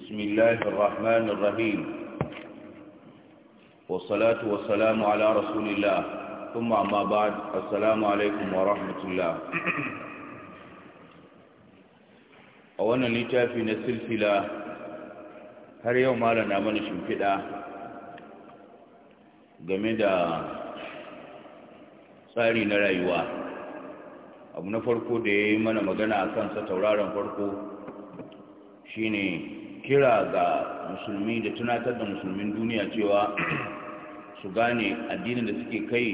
بسم الله الرحمن الرحيم والصلاة والسلام على رسول الله ثم أما بعد السلام عليكم ورحمة الله أولا لتافي السلسلة har yau malana mana shimfiɗa game da tsari na rayuwa abu na farko da ya yi mana magana a kansa tauraron farko shine kira ga musulmi da tunatar da musulmin duniya cewa su gane addinin da suke kai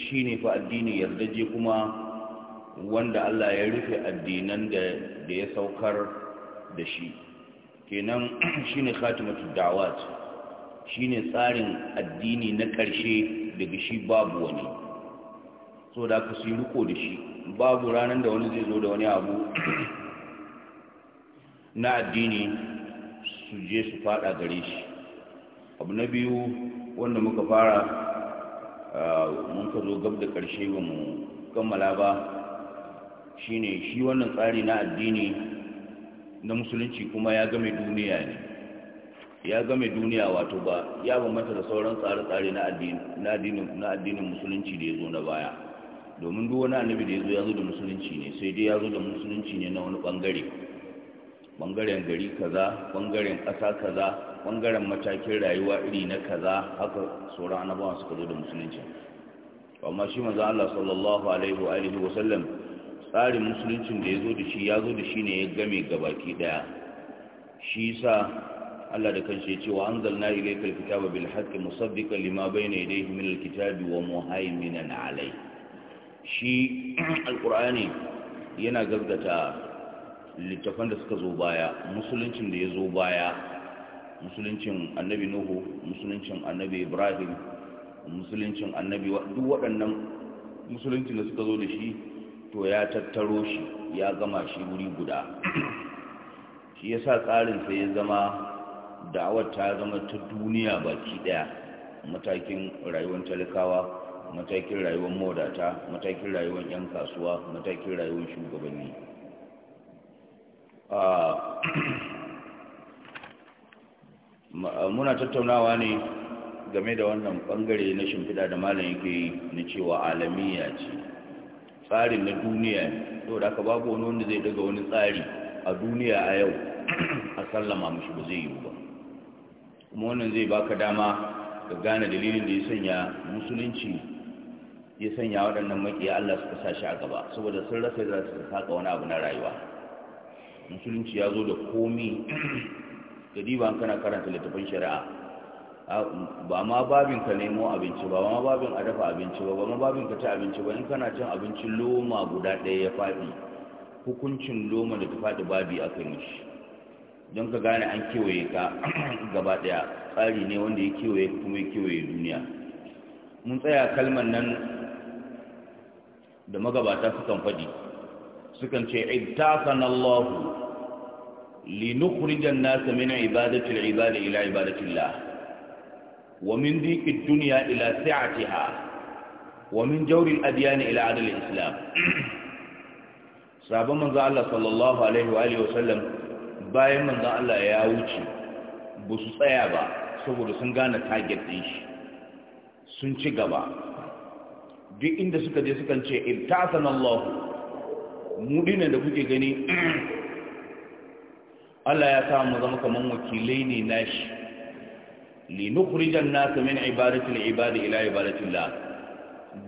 shine fa addini yardaje kuma wanda Allah ya rufe addinan da ya saukar da shi kenan shine khatimatu Shi shine tsarin addini na ƙarshe daga shi babu wani so da ku su riko da shi babu ranar da wani zai zo da wani abu na addini su je su fada gare shi abu na biyu wanda muka fara mun ka zo gab da karshe ba mu kammala ba shine shi wannan tsari na addini na musulunci kuma ya game duniya ne ya game duniya wato ba ya bambanta da sauran tsare-tsare na addinin musulunci da ya zo na baya domin duk wani annabi da ya zo ya zo da musulunci ne sai dai ya zo da musulunci ne na wani bangare bangaren gari kaza bangaren ƙasa kaza bangaren matakin rayuwa iri na kaza haka sauran annabawan suka zo da musulunci amma shi manzo Allah sallallahu alaihi wa alihi wa sallam tsarin musuluncin da ya zo da shi ya zo da shi ne ya game gabaki daya shi yasa Allah da kanshi ya ce wa anzalna ilayka alkitaba bil haqqi musaddiqan lima bayna yadayhi min alkitabi wa muhaiminan alayhi shi alqur'ani yana gaggata littafan da suka zo baya musuluncin da ya zo baya musuluncin annabi nuhu musuluncin annabi ibrahim musuluncin annabi duk waɗannan musuluncin da suka zo da shi to ya tattaro shi ya gama shi wuri guda shi ya sa sai ya zama da'awar ta zama ta duniya baki ɗaya matakin rayuwar talakawa matakin rayuwar mawadata matakin rayuwar 'yan kasuwa matakin rayuwar shugabanni Ah, muna tattaunawa ne game da wannan bangare na shimfiɗa da malam yake na cewa alamiya ce tsarin na duniya ne da aka babu wani wanda zai daga wani tsari a duniya a yau a sallama mashi ba zai yi ba kuma wannan zai baka dama ga gane dalilin da ya sanya musulunci ya sanya waɗannan maƙiya Allah suka sa shi a gaba saboda sun rasa za su saka wani abu na rayuwa musulunci ya zo da komi da diban kana karanta littafin shari'a ba ma babin ka nemo abinci ba ma babin a dafa abinci ba ba ma babin ka ci abinci ba in kana cin abinci loma guda ɗaya ya faɗi hukuncin loma da ta faɗi babi aka mishi don ka gane an kewaye ka gaba ɗaya tsari ne wanda ya kewaye kuma ya kewaye duniya mun tsaya kalmar nan da magabata sukan faɗi sukan ce ibtasan Allahu لنخرج الناس من عبادة العباد إلى عبادة الله ومن ضيق الدنيا إلى سعتها ومن جور الأديان إلى عدل الإسلام sabon manzo Allah sallallahu alaihi wa alihi wasallam bayan manzo Allah ya wuce ba su tsaya ba saboda sun gane target din sun ci gaba duk inda suka je sukan ce ibtasan mu da kuke gani Allah ya sa mu zama kaman wakilai ne na shi. li nukhrijan nas min ibadati al ibadi ila ibadati Allah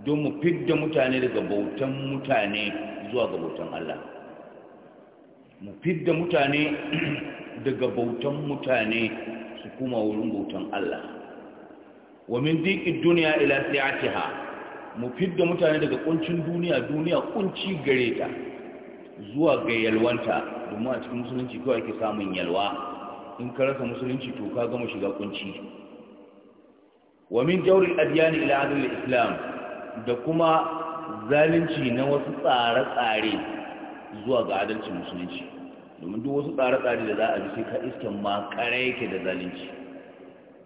don mu fidda mutane daga bautan mutane zuwa ga bautan Allah mu fidda mutane daga bautan mutane su kuma wurin bautan Allah wa min diki dunya ila si'atiha mu fidda mutane daga kuncin duniya duniya kunci gare ta zuwa ga yalwanta domin a cikin musulunci kawai ake samun yalwa in ka rasa musulunci to ka gama shiga kunci wa min jawri al-adyan ila adl islam da kuma zalunci na wasu tsare-tsare zuwa ga adalcin musulunci domin duk wasu tsare-tsare da za a bi sai ka iske ma kare yake da zalunci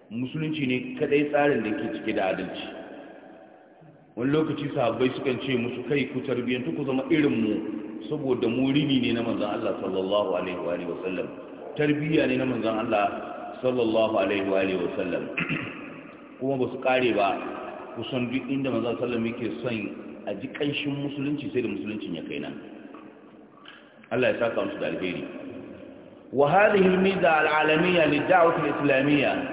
musulunci ne kadai tsarin da yake cike da adalci wani lokaci sahabbai sukan ce musu kai ku tarbiyyantu ku zama irin mu saboda mu rini ne na manzon Allah sallallahu alaihi wa alihi sallam tarbiyya ne na manzon Allah sallallahu alaihi wa alihi sallam kuma ba su kare ba kusan duk inda manzon sallallahu alaihi yake son a ji kanshin musulunci sai da musuluncin ya kai nan Allah ya saka musu da alheri wa hadhihi al-mida al-alamiyya lid-da'wah al-islamiyya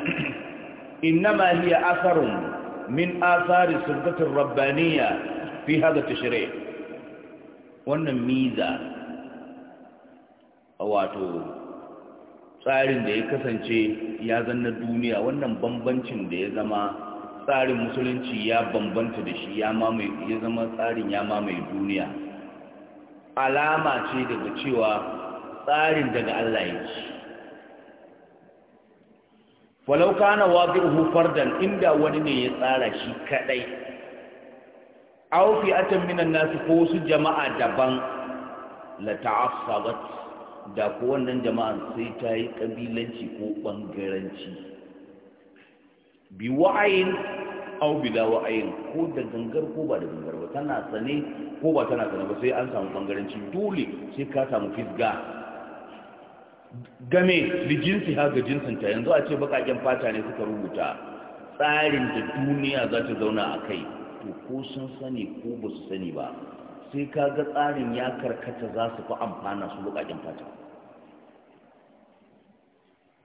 inma hiya atharun min athari sirdatin rabbaniya fi hada tashri wannan miza wato tsarin da ya kasance ya zanna duniya wannan bambancin da ya zama tsarin musulunci ya bambanta da shi ya zama tsarin ya mamaye duniya alama ce daga cewa tsarin daga Allah yake walau kana wadi'uhu fardan inda wani ne ya tsara shi kadai aw fi atam minan nas ko su jama'a daban la ta'assabat da ko wannan jama'a sai ta yi kabilanci ko bangaranci bi wa'ayin aw bila wa'ayin ko da gangar ko ba da gangar ba tana sane ko ba tana sane ba sai an samu bangaranci dole sai ka samu fisga game da jinsi ha ga jinsinta yanzu a ce bakaken fata ne suka rubuta tsarin da duniya za ta zauna a kai to ko sun sani ko ba su sani ba sai ka ga tsarin ya karkata za su fi amfana su bakaken fata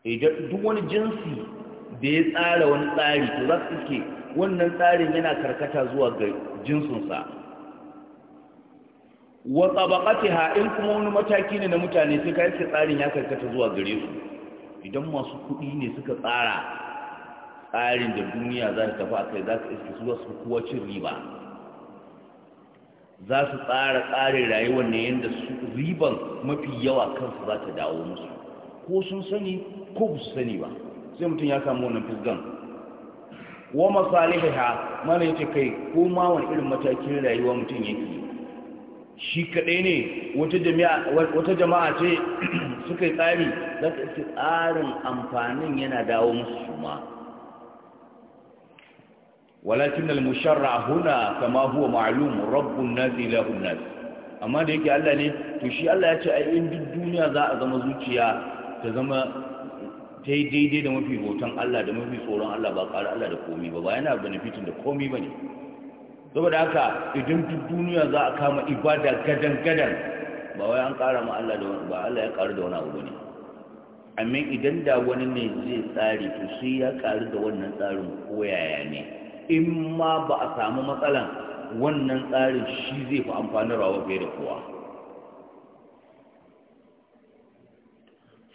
idan duk wani jinsi da ya tsara wani tsari to za su ke wannan tsarin yana karkata zuwa ga jinsinsa wa ha, in kuma wani mataki ne na mutane sai yake tsarin ya karkata zuwa gare su idan masu kuɗi ne suka tsara tsarin da duniya za ta tafi a kai za ka iske su su kuwa cin riba za su tsara tsarin rayuwar ne yadda su riban mafi yawa kansu za ta dawo musu ko sun sani ko ba su sani ba sai mutum ya samu wannan fisgan wa masalihiha mana yace kai ko ma wani irin matakin rayuwa mutum yake shi kaɗai ne wata jama'a ce suka yi tsari za ka ce tsarin amfanin yana dawo musu suma walakin al-musharra huna kama huwa ma'lum rabbun nazi lahun nazi amma da yake Allah ne to shi Allah ya ce a yin duk duniya za a zama zuciya ta zama ta yi daidai da mafi hoton Allah da mafi tsoron Allah ba ƙara Allah da komi ba ba yana benefitin da komi ba ne saboda haka idan duk duniya za a kama ibada gadan gadan ba wai an kara ma Allah da wani ba Allah ya ƙaru da wani abu ne amma idan da wani ne zai tsari to sai ya ƙaru da wannan tsarin koyaya ne in ma ba a samu matsalan wannan tsarin shi zai fi rawa fiye da kowa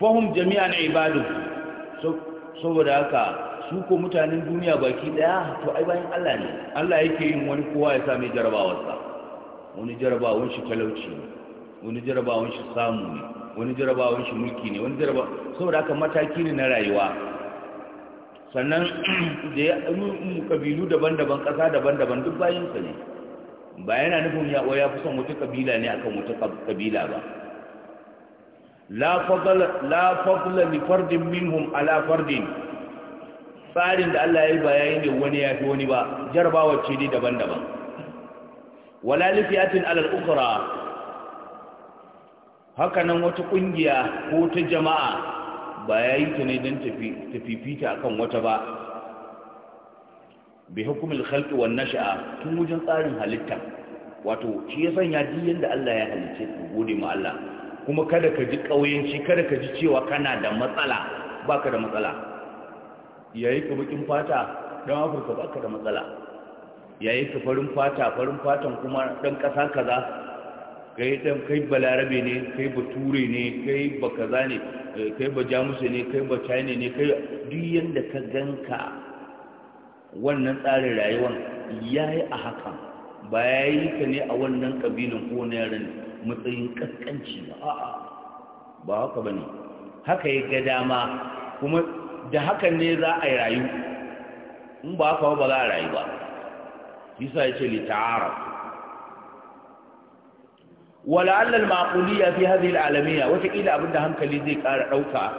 fahim jami'an ibadu saboda haka su ko mutanen duniya baki daya to ai bayan Allah ne Allah yake yin wani kowa ya same sa. wani jarabawar shi talauci ne wani jarabawar shi samu ne wani jarabawar shi mulki ne wani jaraba saboda haka mataki ne na rayuwa sannan da ya kabilu daban-daban ƙasa daban-daban duk bayansa ne ba yana nufin ya ya fi son wata kabila ne akan wata kabila ba la fadla li fardin minhum ala fardin tsarin da Allah ya yi ba ne wani ya fi wani ba jarabawar ce dai daban-daban wala lifiyatin alal ukhra haka nan wata kungiya ko ta jama'a ba yayi ta ne dan tafi fita akan wata ba bi hukumul khalqi wan nasha'a tun wajen tsarin halitta wato shi ya sanya diyan da Allah ya halice ku gode ma Allah kuma kada ka ji ƙauyenci kada ka ji cewa kana da matsala baka da matsala yayi ka bakin fata dan afirka ba ka da matsala yayi ka farin fata farin fatan kuma dan kasa kaza kai dan kai balarabe ne kai bature ne kai ba kaza ne eh, kai ba ne kai ba ne kai duk yanda ka ganka wannan tsarin rayuwar yayi a haka. ba yayi ka ne a wannan kabilan ko na yaran matsayin kaskanci ba a'a ba haka bane haka ya ga dama kuma da hakan ne za a yi rayu in ba haka ba za a rayu ba bisa ya ce lita'ara wala'allar maƙuliya fi hazi al'alamiya watakila abinda hankali zai ƙara ɗauka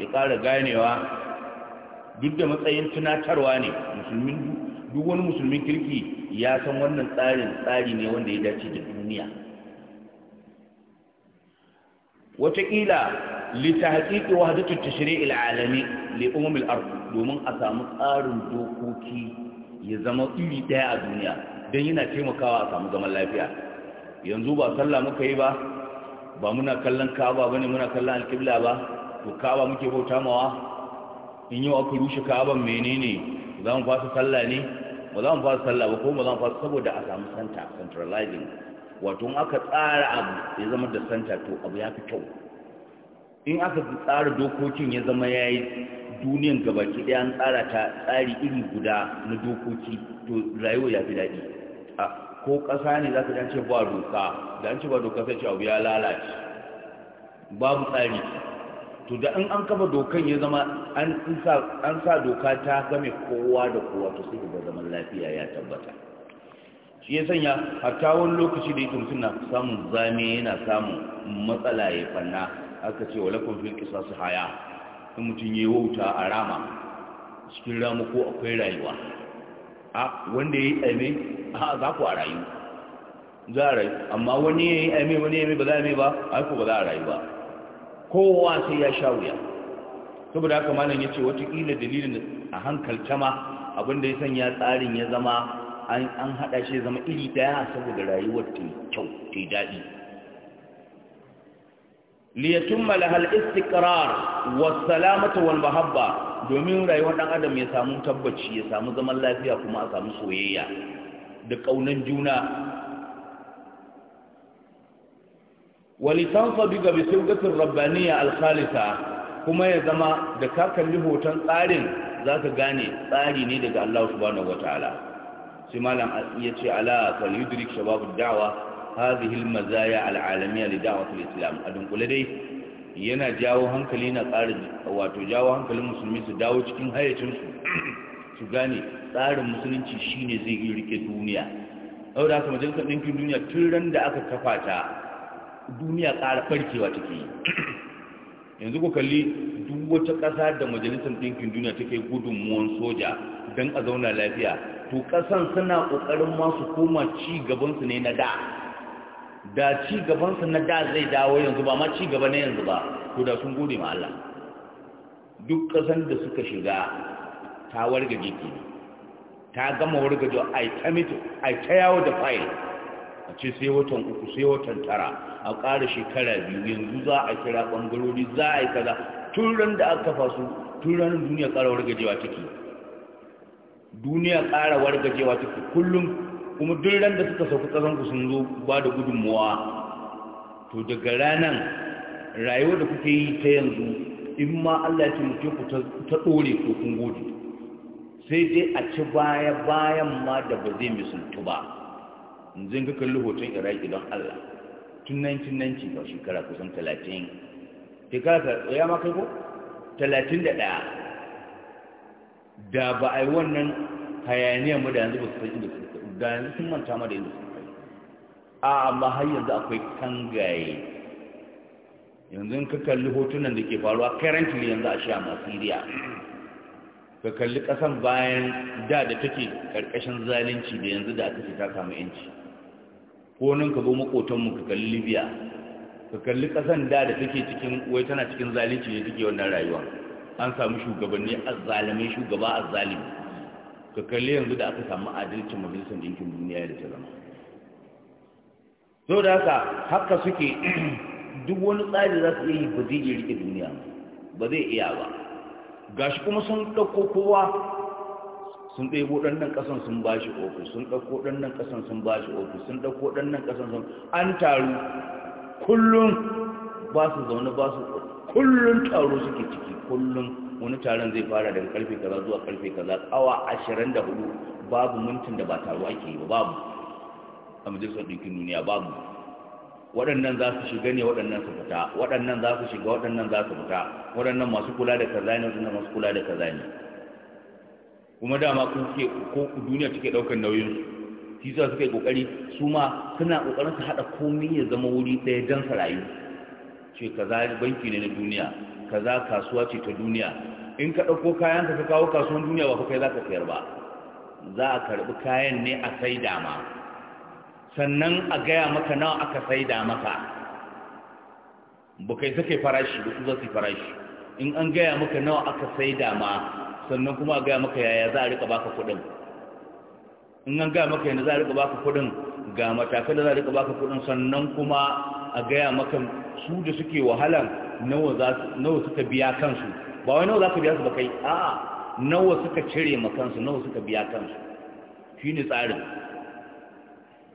ya kara ganewa duk da matsayin tunatarwa ne duk wani musulmin kirki ya san wannan tsarin tsari ne wanda ya dace da duniya wataƙila litahqiqi wahdatu tashri'il alami li al ard domin a samu tsarin dokoki ya zama iri daya a duniya dan yana taimakawa a samu zaman lafiya yanzu ba sallah muka yi ba ba muna kallon kaba bane muna kallon al-qibla ba to kaba muke bauta mawa in yau aka rushe ka'aban menene za mu fasa sallah ne ba za mu fasa sallah ba ko ba za mu fasa saboda a samu santa centralizing wato in aka tsara abu ya zama da santa to abu ya fi kyau in aka tsara dokokin ya zama ya yi duniyan gabaki ɗaya an tsara ta tsari iri guda na dokoki to rayuwa ya fi daɗi a ko ƙasa ne za ka dace ba doka da an ce ba doka sai ce abu ya lalace babu tsari to da in an kafa dokan ya zama an sa doka ta game kowa da kowa to sai ga zaman lafiya ya tabbata shi ya sanya hatta wani lokaci da yake suna samun zame yana samun matsala ya fanna aka ce wala kun kisa su haya in ya yi wauta a rama cikin rama ko akwai rayuwa a wanda ya yi aime a za ku a rayu za a rayu amma wani ya yi aime wani ya yi ba za a ba a ko ba za a rayu ba kowa sai ya sha wuya saboda haka malam ya wata kila dalilin a hankalta ma abinda ya sanya tsarin ya zama an haɗa shi zama iri daya saboda rayuwar ta kyau ta daɗi liyatun malahal istikrar wa salamata wal mahabba domin rayuwar ɗan adam ya samu tabbaci ya samu zaman lafiya kuma a samu soyayya da ƙaunan juna ga bi sirgatin rabbaniya alkhalisa kuma ya zama da ka kalli hoton tsarin za ka gane tsari ne daga Allah subhanahu wataala sai malam ya ce ala fal shababu da'wa hadhihi al mazaya al li da'wati al islam a dunkule dai yana jawo hankali na tsarin wato jawo hankalin musulmi su dawo cikin hayyacin su su gane tsarin musulunci shine zai yi rike duniya saboda haka majalisar ɗinkin duniya tun ran da aka kafa ta duniya ƙara farkewa take yi yanzu ku kalli duk wata ƙasa da majalisar ɗinkin duniya take gudunmuwan soja don a zauna lafiya to ƙasan suna ƙoƙarin masu koma ci gabansu ne na da da ci gabansu na da zai dawo yanzu ba ma ci gaba na yanzu ba to da sun gode ma Allah duk ƙasan da suka shiga ta warga jiki ta gama wargaje a yi mito a ta yawo da fayil a ce sai watan uku sai watan tara a ƙara shekara biyu yanzu za a kira ɓangarori za a yi kaza tun ran da aka kafa su tun ranar duniya ƙara wargajewa take duniya ƙara wargajewa take kullum kuma duk ran da suka sauka ku sun zo ba da gudunmuwa to daga ranar rayuwar da kuke yi ta yanzu in ma Allah ya taimake ku ta ɗore ko kun gode sai dai a ci baya bayan ma da ba zai misuntu ba in zai ga kalli hoton iraki don Allah tun 1990 ga shekara kusan 30 shekara ta ya ma kai ko 31 da ba a yi wannan hayaniyar mu da yanzu ba su san inda suka da yanzu sun manta ma da inda suka kai a amma har yanzu akwai kangaye yanzu ka kalli hotunan da ke faruwa currently yanzu a sha ma Syria ka kalli kasan bayan da da take karkashin zalunci da yanzu da aka ce ta samu yanci ko nan ka zo makotanmu ka kalli libya ka kalli ƙasan da da take cikin wai tana cikin zalunci ne take wannan rayuwa an samu shugabanni azzalimai shugaba azzalimi ka kalli yanzu da aka samu adalcin majalisar ɗinkin duniya da ta zama so haka haka suke duk wani tsari za su iya yi ba zai iya rike duniya ba zai iya ba gashi kuma sun ɗauko kowa sun ɗebo ɗannan ƙasan sun ba shi ofis sun ɗauko ɗannan ƙasan sun ba shi ofis sun ɗauko ɗannan ƙasan sun an taru kullum ba su zaune ba su kullum taro suke ciki kullum wani taron zai fara daga ƙarfe kaza zuwa ƙarfe kaza awa ashirin da hudu babu mintin da ba taruwa ake yi ba babu a majalisar ɗinkin duniya babu waɗannan za su shiga ne waɗannan su fita waɗannan za su shiga waɗannan za su fita waɗannan masu kula da kaza ne waɗannan masu kula da kaza ne kuma dama kun ke ko duniya take daukar nauyin su shi suka yi kokari su ma suna kokarin su hada komai ya zama wuri ɗaya don su rayu ce kaza banki ne na duniya kaza kasuwa ce ta duniya in ka dauko kayan ka kawo kasuwan duniya ba kai za ka sayar ba za a karɓi kayan ne a sai dama sannan a gaya maka nawa aka sai da maka Bukai kai farashi ba su farashi in an gaya maka nawa aka sai dama sannan kuma a gaya maka yaya za a rika baka kuɗin in an gaya maka yana za a rika baka kuɗin ga matakai da za a rika baka kuɗin sannan kuma a gaya maka su da suke wahalan nawa suka biya kansu ba wai nawa za ka biya su ba kai a'a nawa suka cire ma kansu nawa suka biya kansu shi ne tsarin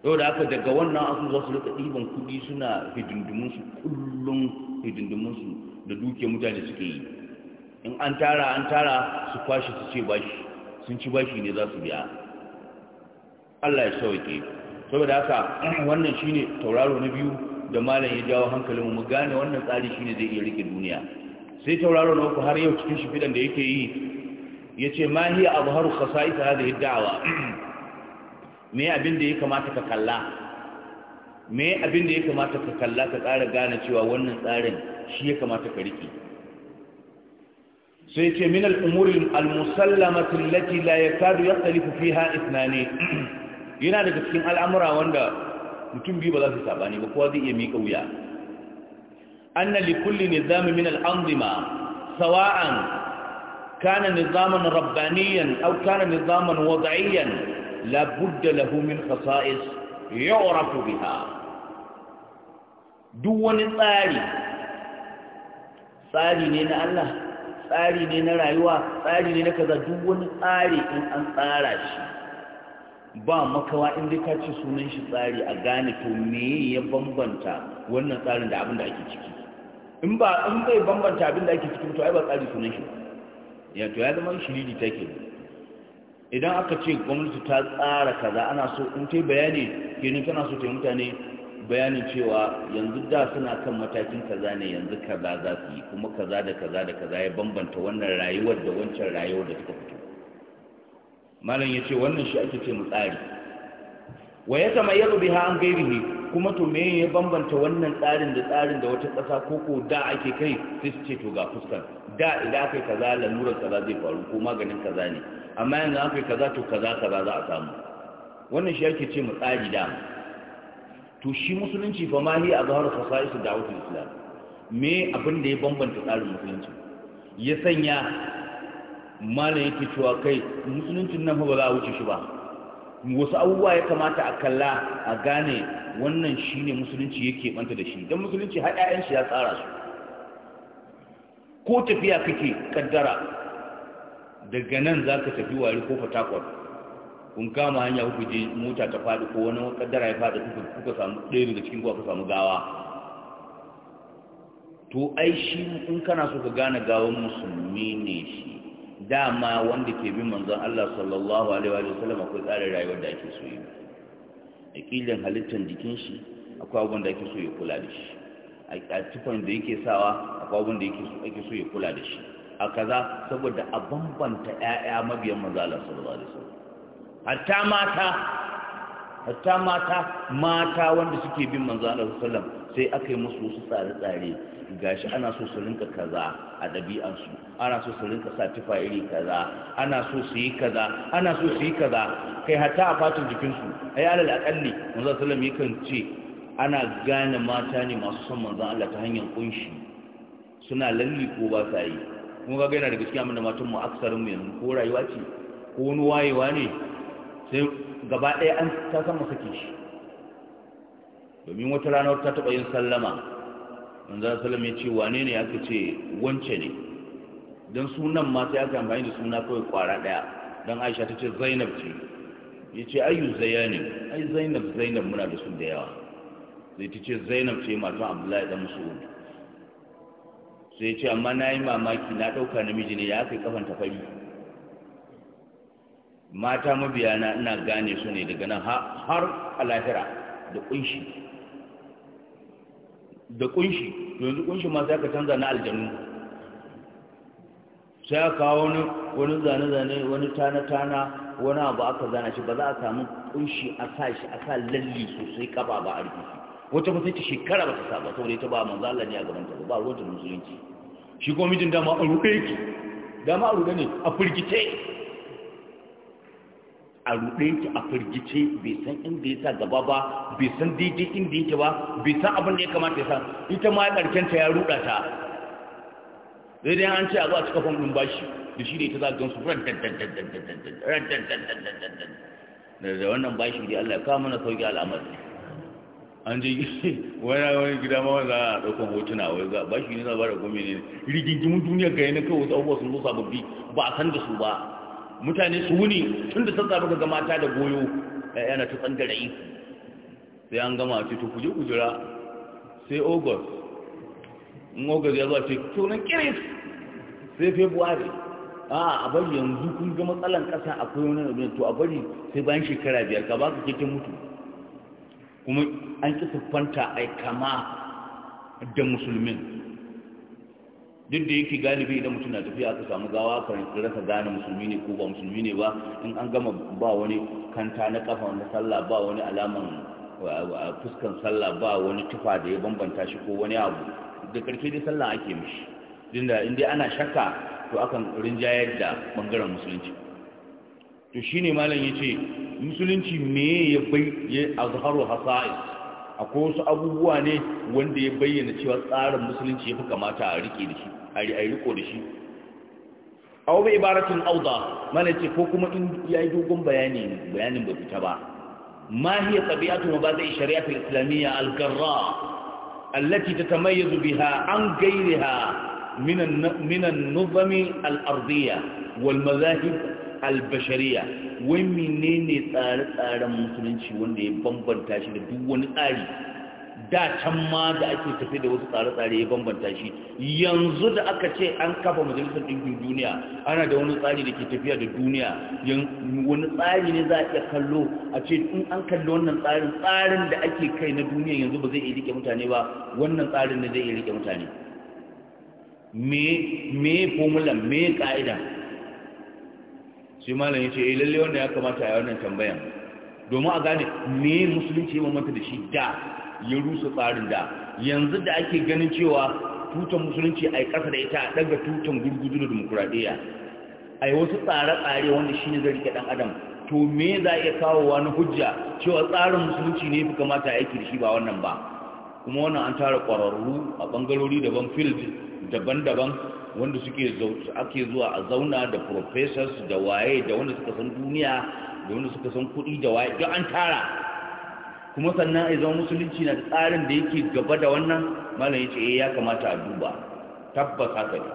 yau da aka daga wannan asu za su rika ɗiban kuɗi suna hidindimunsu kullum hidindimunsu da dukiyar mutane suke yi in an tara an tara su kwashi su ce bashi sun ci bashi ne za su biya Allah ya sauke saboda haka wannan shine tauraro na biyu da malam ya jawo hankalin mu gane wannan tsari shine zai iya rike duniya sai tauraro na uku har yau cikin shifidan da yake yi yace ma hiya azharu khasa'is hadhihi da'wa me abin da ya kamata ka kalla me abin da ya kamata ka kalla ka tsara gane cewa wannan tsarin shi ya kamata ka rike sai ce min al'umurin al-musallamatin lati la ya karu ya tsalifu fi ha isnani yana daga cikin al'amura wanda mutum biyu ba za su sabani ba kowa zai iya miƙa wuya an na likulli nizami min al'amzima sawa'an kana nizaman rabbaniyan au kana nizaman wada'iyyan la budda lahu min khasa'is ya'rafu biha duk wani tsari tsari ne na Allah tsari ne na rayuwa tsari ne na kaza duk wani tsari in an tsara shi ba makawa in dai ka ce sunan shi tsari a gane to me ya bambanta wannan tsarin da abin da ake ciki in ba in bai bambanta abin da ake ciki to ai ba tsari sunan shi ya to ya zama shiriri take idan aka ce gwamnati ta tsara kaza ana so in ta bayani kenan tana so ta mutane bayanin cewa yanzu da suna kan matakin kaza ne yanzu kaza za su yi kuma kaza da kaza da kaza ya bambanta wannan rayuwar da wancan rayuwar da suka fito malam ya ce wannan shi ake ce mu tsari wa ya sama yaro biha an gairi ne kuma to me ya bambanta wannan tsarin da tsarin da wata ƙasa ko ko da ake kai sai su ce to ga fuskar da idan aka yi kaza lalurar kaza zai faru ko maganin kaza ne amma yanzu aka yi kaza to kaza kaza za a samu wannan shi ake ce mu tsari dama to shi musulunci fa ma hi azharu khasa'is da'wat al-islam me abin da ya bambanta tsarin musulunci ya sanya malam yake cewa kai musuluncin nan ba za a wuce shi ba wasu abubuwa ya kamata a kalla a gane wannan shine musulunci yake banta da shi dan musulunci har ƴaƴan shi ya tsara su ko tafiya kake kaddara daga nan zaka tafi wari ko fatakwal kun kama hanya kuka je mota ta faɗi ko wani kaddara ya faɗi kuka samu ɗaya daga cikin kuka samu gawa to ai shi in kana so ka gane gawan musulmi ne shi dama wanda ke bin manzon Allah sallallahu alaihi wa sallam akwai tsarin rayuwar da ake so yi akilin halittar jikin shi akwai abin da ake so ya kula da shi a tufan da yake sawa akwai abin da yake so ya kula da shi a kaza saboda a bambanta ƴaƴa mabiyan manzon Allah sallallahu alaihi wa sallam hatta mata hatta mata mata wanda suke bin manzo Allah sallam sai aka yi musu wasu tsare-tsare gashi ana so su rinka kaza a ɗabi'ansu ana so su rinka sa tufa iri kaza ana so su yi kaza ana so su yi kaza kai hatta a fatan jikinsu ai alal akalli manzo sallam yakan ce ana gane mata ne masu son manzo Allah ta hanyar kunshi suna lalli ko ba sa yi kuma ga yana da gaskiya mun da matan mu aksarin mu yanzu ko rayuwa ce ko wani wayewa ne sai gaba ɗaya an ta san sake shi domin wata rana ta taɓa yin sallama manzan sallam ya ce wane ne aka ce wance ne don sunan ma sai aka amfani da suna kawai kwara ɗaya don aisha ta ce zainab ce ya ce ayu ne. ai zainab zainab muna da su da yawa sai ta ce zainab ce matan abdullahi dan mas'ud sai ya ce amma na yi mamaki na ɗauka namiji ne ya kai kafan tafari mata mabiya na ina gane su ne daga nan har a lahira da kunshi da kunshi yanzu kunshi ma sai ka canza na aljanu sai ka kawo wani wani zane-zane wani tana-tana wani abu aka zana shi ba za a samu kunshi a sa shi a sa lalli sosai kaba ba a rikici wata ba sai ta shekara ba ta saba saboda ita ba manzo Allah ne a gaban ta ba ruwan musulunci shi ko mijin dama a ruɗe yake dama a rufe ne a firgice a ruɗe a firgice bai san inda ya sa gaba ba bai san daidai inda yake ba bai san abin da ya kamata ya san ita ma ƙarshen ta ya ruɗa ta dai an ce a zuwa cikin cika fam ɗin bashi da shi da ita za a gansu, da wannan bashi da Allah ya kawo mana al'amari an je wani wani gida ma wanda a ɗaukan hotuna wai za bashi ne za a bada gome ne rigingimin kawai wasu abubuwa sun zo sababbi ba a san da su ba mutane su wuni tun da zaɓi ga mata da goyo yana ta yi sai an gama ce to kuje kujira sai ogos in ogos ya zuwa ce tunan kiris sai februari a a bari yanzu kun ga matsalan kasa akwai wani abin to a bari sai bayan shekara biyar ka ba ka ke mutu kuma an ƙi siffanta ai kama da musulmin duk da yake galibi idan mutum na tafiya aka samu gawa aka rasa gane musulmi ne ko ba musulmi ne ba in an gama ba wani kanta na kafa na sallah ba wani alaman fuskan sallah ba wani tufa da ya bambanta shi ko wani abu da karfe dai sallah ake mishi dinda in dai ana shakka to akan rinjayar da bangaren musulunci to shine malam yace musulunci me ya bai ya azharu hasa'is akwai wasu abubuwa ne wanda ya bayyana cewa tsarin musulunci ya fi kamata a rike da shi a riko da shi a wani ibaratin auda mana ce ko kuma in ya yi dogon bayani bayanin ba fita ba ma hiya tabi'atu ma bazai shari'atu islamiyya al-garra allati tatamayyazu biha an ghayriha min an-nizami al-ardiyya wal madahib albashariya wai menene tsare-tsaren musulunci wanda ya bambanta shi da duk wani tsari da can ma da ake tafi da wasu tsare-tsare ya bambanta shi yanzu da aka ce an kafa majalisar ɗinkin duniya ana da wani tsari da ke tafiya da duniya wani tsari ne za a iya kallo a ce in an kalli wannan tsarin tsarin da ake kai na duniya yanzu ba zai iya rike mutane ba wannan tsarin ne zai iya rike mutane me me formula me ka'ida shi malam ya ce eh lalle wannan ya kamata a wannan tambayan domin a gane me musulunci ya mamanta da shi da ya rusa tsarin da yanzu da ake ganin cewa tutan musulunci a yi ƙasa da ita a ɗaga tutan gurgudu da demokuraɗiyya a yi wasu tsare-tsare wanda shi ne zai rike ɗan adam to me za a iya kawowa na hujja cewa tsarin musulunci ne fi kamata a aiki da shi ba wannan ba kuma wannan an tara ƙwararru a ɓangarori daban fil daban-daban wanda suke ake zuwa a zauna da professors da waye da wanda suka san duniya da wanda suka san kuɗi da waye duk an tara kuma sannan a zama musulunci na tsarin da yake gaba da wannan malam ya ce eh, ya kamata a duba tabbas haka ne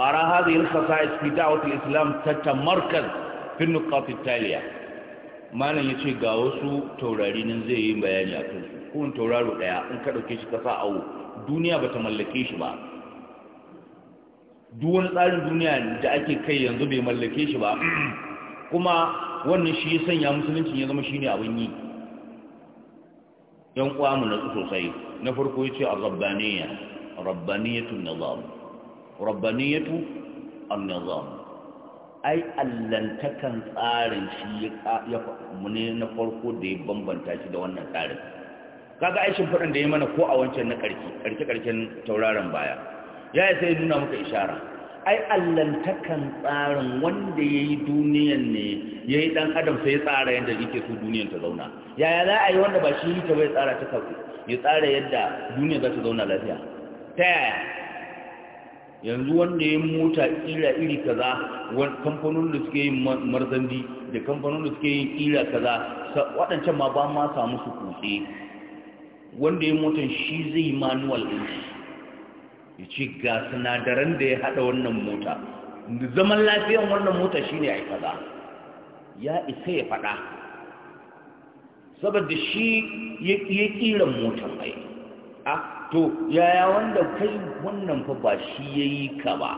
ara hadhihi al-khasa'is fi da'wati al-islam tatamarkaz fi nuqat al-taliya malam ce ga wasu taurari nan zai yi bayani a kansu ko tauraro daya in ka ɗauke shi ka sa awo duniya ba ta mallake shi ba duk wani tsarin duniya da ake kai yanzu bai mallake shi ba kuma wannan shi ya sanya musulunci ya zama shine abin yi yan uwa mu sosai na farko yace ar-rabbaniyya rabbaniyatu an-nizam rabbaniyatu an-nizam ai allantakan tsarin shi ya mu ne na farko da ya bambanta shi da wannan tsarin kaga aishin fadin da ya mana ko a wancan na karki karki karkin tauraron baya ya sai nuna muka ishara ai allantakan tsarin wanda ya yi duniyan ne ya yi ɗan adam sai ya tsara yadda yake su duniyan ta zauna yaya za a yi wanda ba shi ta bai tsara ta kafu ya tsara yadda duniya za ta zauna lafiya ta yaya yanzu wanda ya mota ƙira iri kaza kamfanin da suke yin marzandi da kamfanin da suke yin ƙira kaza waɗancan ma ba ma samu su kutse wanda ya motan shi zai yi manuwal ɗin ya ce ga sinadaran da ya haɗa wannan mota zaman lafiyan wannan mota shi ne a kaza ya isa ya faɗa saboda shi ya ƙiran motan mai a to yaya wanda kai wannan fa ba shi ya yi ka ba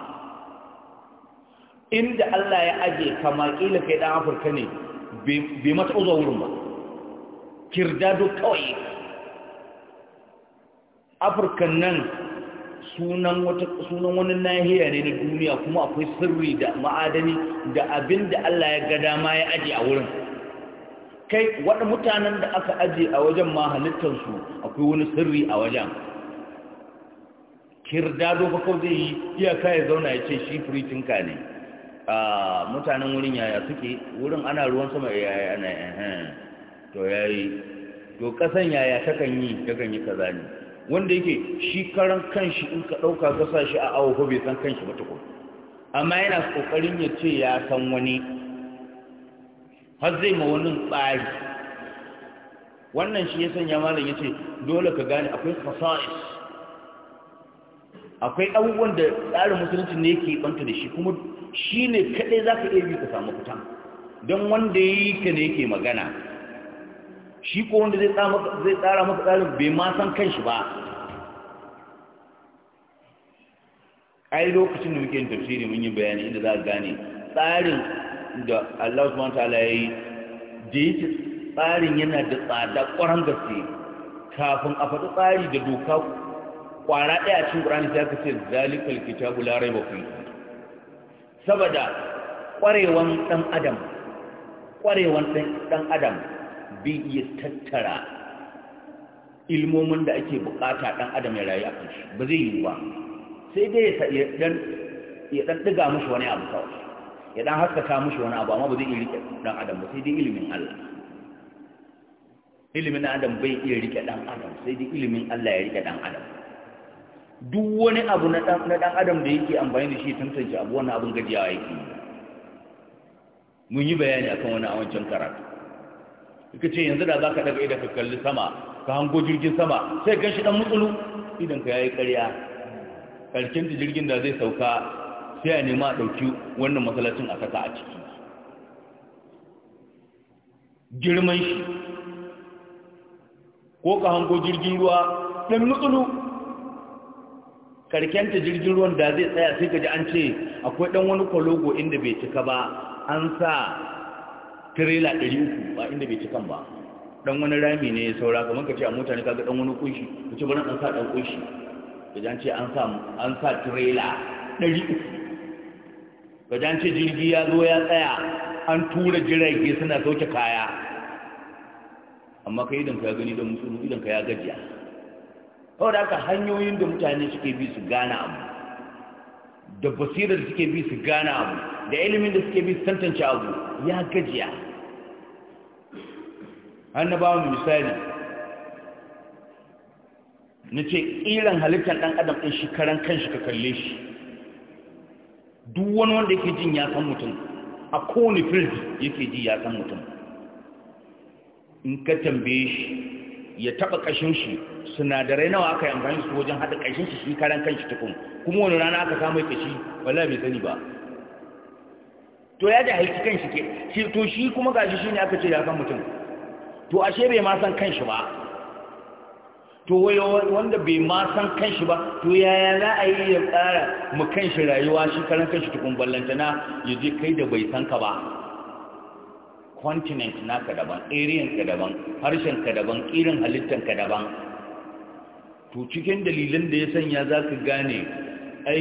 inda Allah ya aje kama ƙila kai ɗan afirka ne bai mata uzo wurin ba duk kawai afirka nan sunan wani nahiya ne na duniya kuma akwai sirri da ma'adani da abin da allah ya ga dama ya aje a wurin kai waɗa mutanen da aka aje a wajen ma halittarsu akwai wani sirri a wajen Kirda fa kawai zai yi iyaka ya zauna ya ce shi firitinka ne a mutanen wurin yaya suke wurin ana ruwan sama yaya eh, eh, ana eh, to yayi to kasan yaya takan yi takan yi kaza ne wanda yake shi karan kanshi in ka ɗauka ka shi a awo ko bai san kanshi ba tukun amma yana ƙoƙarin ya ce ya san wani har zai ma wani tsari wannan shi ya sanya malam ya ce dole ka gane akwai fasa'is akwai abubuwan da tsarin musulunci ne yake banta da shi kuma shi ne kaɗai za ka iya bi ka samu fitan don wanda ya yi ka ne yake magana shi ko wanda zai tsara masa tsarin bai ma san kanshi ba ai lokacin da muke yin tafsiri mun yi bayani inda za a gane tsarin da Allah subhanahu ta'ala ya yi da yake tsarin yana da tsada ƙwaran gaske kafin a faɗi tsari da doka ƙwara ɗaya a cikin ƙurani sai ka ce zalikal kitabu la raiba fi saboda ƙwarewan ɗan adam ƙwarewan ɗan adam bai iya tattara ilmomin da ake bukata dan adam ya rayu a kan shi ba zai yi ba sai dai ya dan ya diga mushi wani abu kawai ya dan haskaka mushi wani abu amma ba zai iya rike dan adam ba sai dai ilimin Allah ilimin adam bai iya rike dan adam sai dai ilimin Allah ya rike dan adam duk wani abu na dan adam da yake amfani da shi tantance abu wannan abun gajiyawa yake mun yi bayani akan wani a wancan karatu ka ce yanzu da za ka daga idan ka kalli sama ka hango jirgin sama sai gan shi ɗan mutsulu idan ka yayi ƙarya ƙarshen da jirgin da zai sauka sai a nema a ɗauki wannan matsalacin a saka a ciki girman shi ko ka hango jirgin ruwa ɗan mutsulu ƙarshen da jirgin ruwan da zai tsaya sai ka ji an ce akwai ɗan wani kwalogo inda bai cika ba an sa tirela ɗari uku ba inda bai ci kan ba Ɗan wani rami ne ya saura kamar ka ce a mota ne kaga ɗan wani kunshi ka ce bari an sa ɗan kunshi ka ji an ce an sa an sa tirela ɗari uku ka ji an ce jirgi ya zo ya tsaya an tura jirage suna sauke kaya amma ka idan ka ya gani da musulmi idan ka ya gajiya kawai da haka hanyoyin da mutane suke bi su gane abu da basirar da suke bi su gane abu da ilimin da suke bi su tantance abu ya gajiya mu misali na ce ƙiran halittar ɗan adam ɗin shekaran kan kanshi ka kalle shi duk wani wanda yake jin ya san mutum a kowane filji yake ji ya san mutum in ka tambaye shi ya taba kashin shi sinadarai nawa aka yi amfani su wajen haɗa kashin shi shi karan kanshi tukun kuma wani rana aka samu kashi wala bai sani ba to ya da haiti shi ke shi to shi kuma gashi shine aka ce ya san mutum to ashe bai ma san kanshi ba to wanda bai ma san kanshi ba to yaya za a yi ya tsara mu kanshi rayuwa shi karan kanshi tukun ballantana ya je kai da bai san ka ba continent naka daban area ka daban harshen ka daban kirin halittar ka daban to cikin dalilan da ya sanya zaka gane ai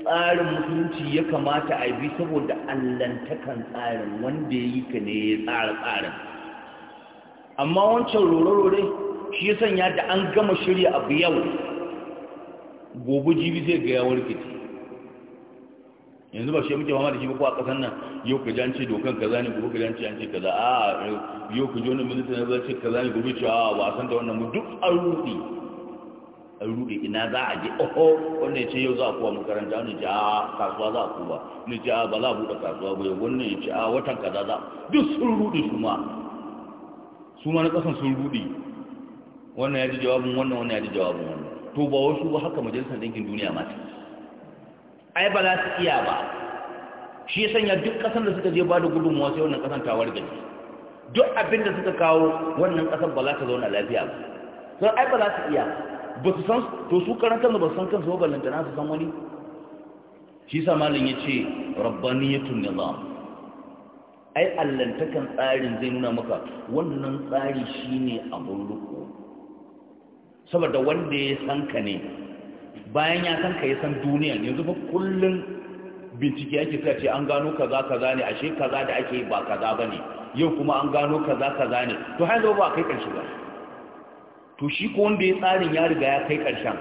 tsarin musulunci ya kamata a bi saboda allantakan tsarin wanda ya yi ka ne ya tsara tsarin amma wancan rore-rore shi ya sanya da an gama shirya abu yau gobe jibi zai ga yawar rikici yanzu ba shi muke fama da shi ko a kasan nan yau ka jance dokan kaza ne gobe ka jance an ce kaza a yau ka ji wani minista na zai ce kaza ne gobe ce a ba san da wannan mu duk an rudi an rudi ina za a je oho wannan ya ce yau za a kowa makaranta wani ce a kasuwa za a kowa ni ce a ba za a buɗe kasuwa ba yau wannan ya ce a watan kaza za duk sun rudi su ma su ma na kasan sun rudi wannan ya ji jawabin wannan wannan ya ji jawabin wannan to ba wasu ba haka majalisar ɗinkin duniya ma ce ai ba za su iya ba shi ya sanya duk ƙasar da suka je ba da gudunmuwa sai wannan ƙasar tawar gani duk abin da suka kawo wannan ƙasar ba za ta zauna lafiya ba sai ai ba za su iya ba su san to su karanta kansu ba su san kansu ba na su san wani shi sa malin ya ce rabbaniyatun nizam ai allantakan tsarin zai nuna maka wannan tsari shine abun riko saboda wanda ya san ka ne bayan ya san ka yi san duniya yanzu ba kullum bincike ake sa ce an gano kaza kaza ne ashe kaza da ake ba kaza ba ne yau kuma an gano kaza kaza ne to har yanzu ba kai ƙarshe ba to shi ko wanda ya tsarin ya riga ya kai karshen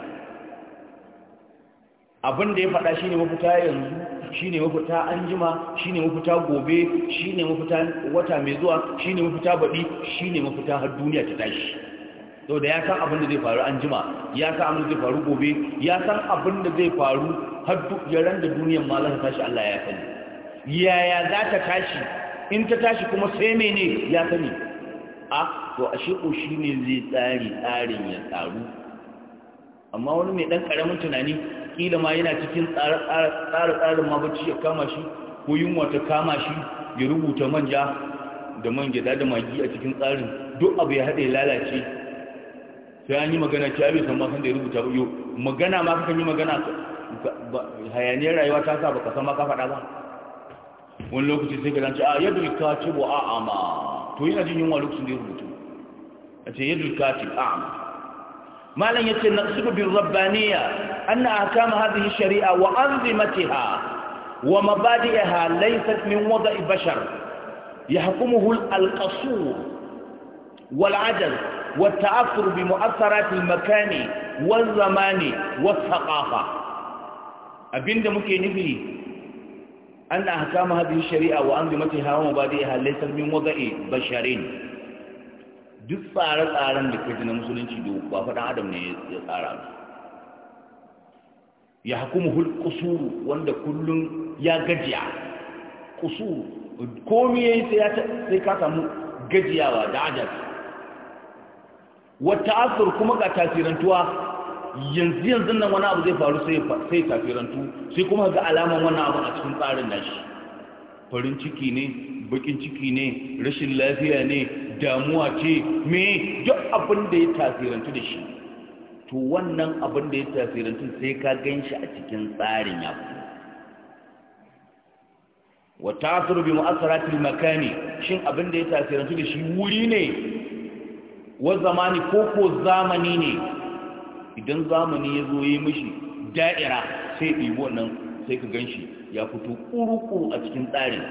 abin da ya faɗa shi ne mafita yanzu shi ne mafita an jima shi ne mafita gobe shi ne mafita wata mai zuwa shi ne mafita baɗi shi ne mafita har duniya ta tashi sau da ya san abin da zai faru an jima ya san abin da zai faru gobe ya san abin da zai faru har duk yaran da duniyar ma za tashi Allah ya sani yaya za ta tashi in ta tashi kuma sai mene ya sani a to a shiko shi ne zai tsari tsarin ya tsaru amma wani mai ɗan karamin tunani kila ma yana cikin tsare-tsarin ma ya kama shi ko yunwa ta kama shi ya rubuta manja da man gyada da magi a cikin tsarin duk abu ya haɗe lalace sai an yi magana ki abin san ma san da ya rubuta ba yo magana ma kakan yi magana hayaniyar rayuwa ta sa baka san ma ka faɗa ba wani lokaci sai ka zance a yadda ka ce a ama to yana jin yunwa lokacin da ya rubuta a ce yadda ka ce a'ama malam yace naqsudu bir rabbaniyya anna ahkam hadhihi shari'a wa anzimatiha wa mabadi'aha laysat min wada'i bashar yahkumuhu al-qasur wal 'ajaz والتأثر بمؤثرات المكان والزمان والثقافة أبين ده ممكن نفي أن أحكام هذه الشريعة وأنظمتها ومبادئها ليس من وضع بشرين duk tsare-tsaren da kai na musulunci da ba faɗin adam ne ya tsara ya hukumu hulkusuru wanda kullum ya gajiya kusuru komi ya yi sai ka samu gajiyawa da ajiyar wata asir kuma ga tasirantuwa yanzu yanzu nan wani abu zai faru sai tasirantu sai kuma ga alaman wannan abu a cikin tsarin nashi farin ciki ne bakin ciki ne rashin lafiya ne damuwa ce me duk abin da ya tasirantu da shi to wannan abin da ya tasirantu sai ka gan shi a cikin tsarin ya fito wata asir bi mu'asaratul makani shin abin da ya tasirantu da shi wuri ne wa zamani ko ko zamani ne idan zamani ya zo yi mishi da'ira sai ɗibi wannan sai ka gan shi ya fito ƙuruƙu a cikin tsarin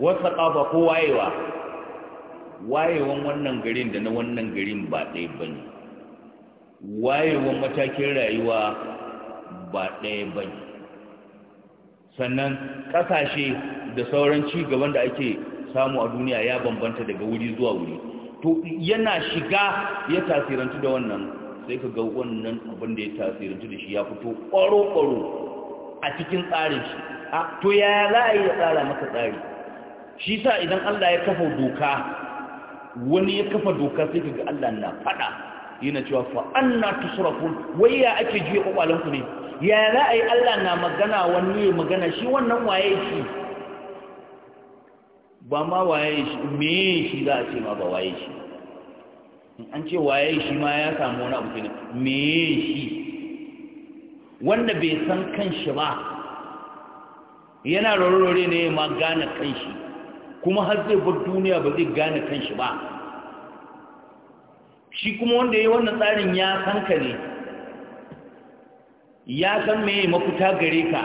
wasa ƙafa ko wayewa wayewan wannan garin da na wannan garin ba ɗaya ba ne wayewan matakin rayuwa ba ɗaya ba ne sannan ƙasashe da sauran ci gaban da ake samu a duniya ya bambanta daga wuri zuwa wuri to yana shiga ya tasirantu da wannan sai ka ga wannan abin da ya tasirantu da shi ya fito ƙwaro-ƙwaro a cikin tsarin shi to ya za a yi ya tsara maka tsari shi sa idan Allah ya kafa doka wani ya kafa doka sai ka ga Allah na faɗa yana cewa fa anna tusrafun wai ya ake juya kwakwalen ne ya za a yi Allah na magana wani ya magana shi wannan waye shi ba ma waye shi me shi za a ce ma ba waye shi an ce waye shi ma ya samu wani abu kenan me shi wanda bai san kanshi ba yana rorore ne ma gane kanshi kuma har zai bar duniya ba zai gane kanshi ba shi kuma wanda ya yi wannan tsarin ya san ka ne ya san me mafita gare ka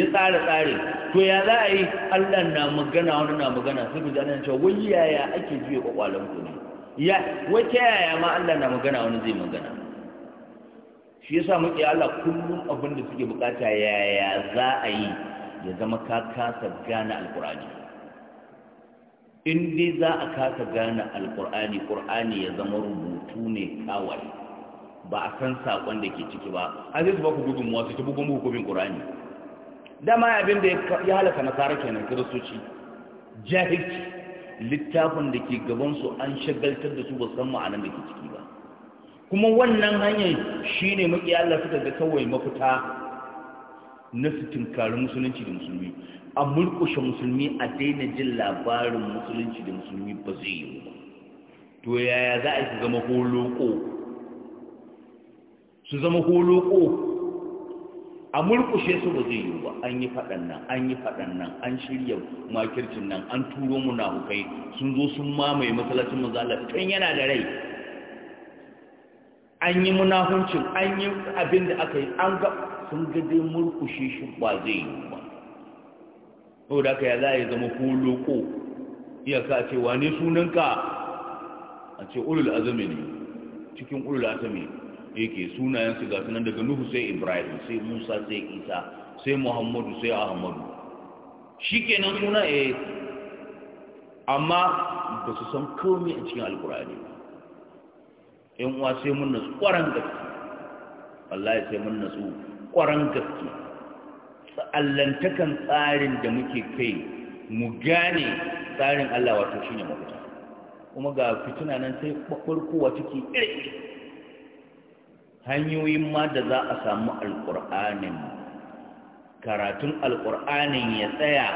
ya tsara tsarin to ya za a yi allah na magana wani na magana sai ku zanen cewa wai yaya ake juya kwakwalen ku ne ya ta yaya ma allah na magana wani zai magana shi ya yasa muke allah kullum abin da suke bukata yaya za a yi ya zama ka kasa gane alkurani in dai za a kasa gane alkur'ani ƙur'ani ya zama rubutu ne kawai ba a san saƙon da ke ciki ba a zai su ba ku gudunmuwa su ta bugun hukumin ƙur'ani dama abin da ya halaka nasara kenan kiristoci jahilci littafin da ke gabansu an shagaltar da su ba san ma'anar da ke ciki ba kuma wannan hanyar shi ne maki Allah suka ga kawai mafita na su tunkari musulunci da musulmi a mulkushe musulmi a daina jin labarin musulunci da musulmi ba zai yi ba to yaya za a yi su zama holoko su zama holoko a murkushe su ba zai yiwu ba an yi faɗan nan an yi faɗan nan an shirya makircin nan an turo munafukai sun zo sun mamaye masalacin manzo Allah tun yana da rai an yi munafuncin an yi abin da aka yi an ga sun ga dai murkushe shi ba zai yiwu ba saboda haka ya za yi zama ko loko ka ce wane sunanka a ce ulul azumi ne cikin ulul azumi ne yake sunayensu ga sunan daga nuhu sai ibrahim sai musa sai isa sai muhammadu sai ahmadu shi kenan suna E. amma ba su san komai a cikin alkurani yan uwa sai mun nasu kwaran gaske wallahi sai mun nasu kwaran gaske Sa'allantakan tsarin da muke kai mu gane tsarin allah wato shine mafita kuma ga fitina nan sai kwakwarkowa take iri hanyoyin ma da za a samu alƙur'anin karatun alƙur'anin ya tsaya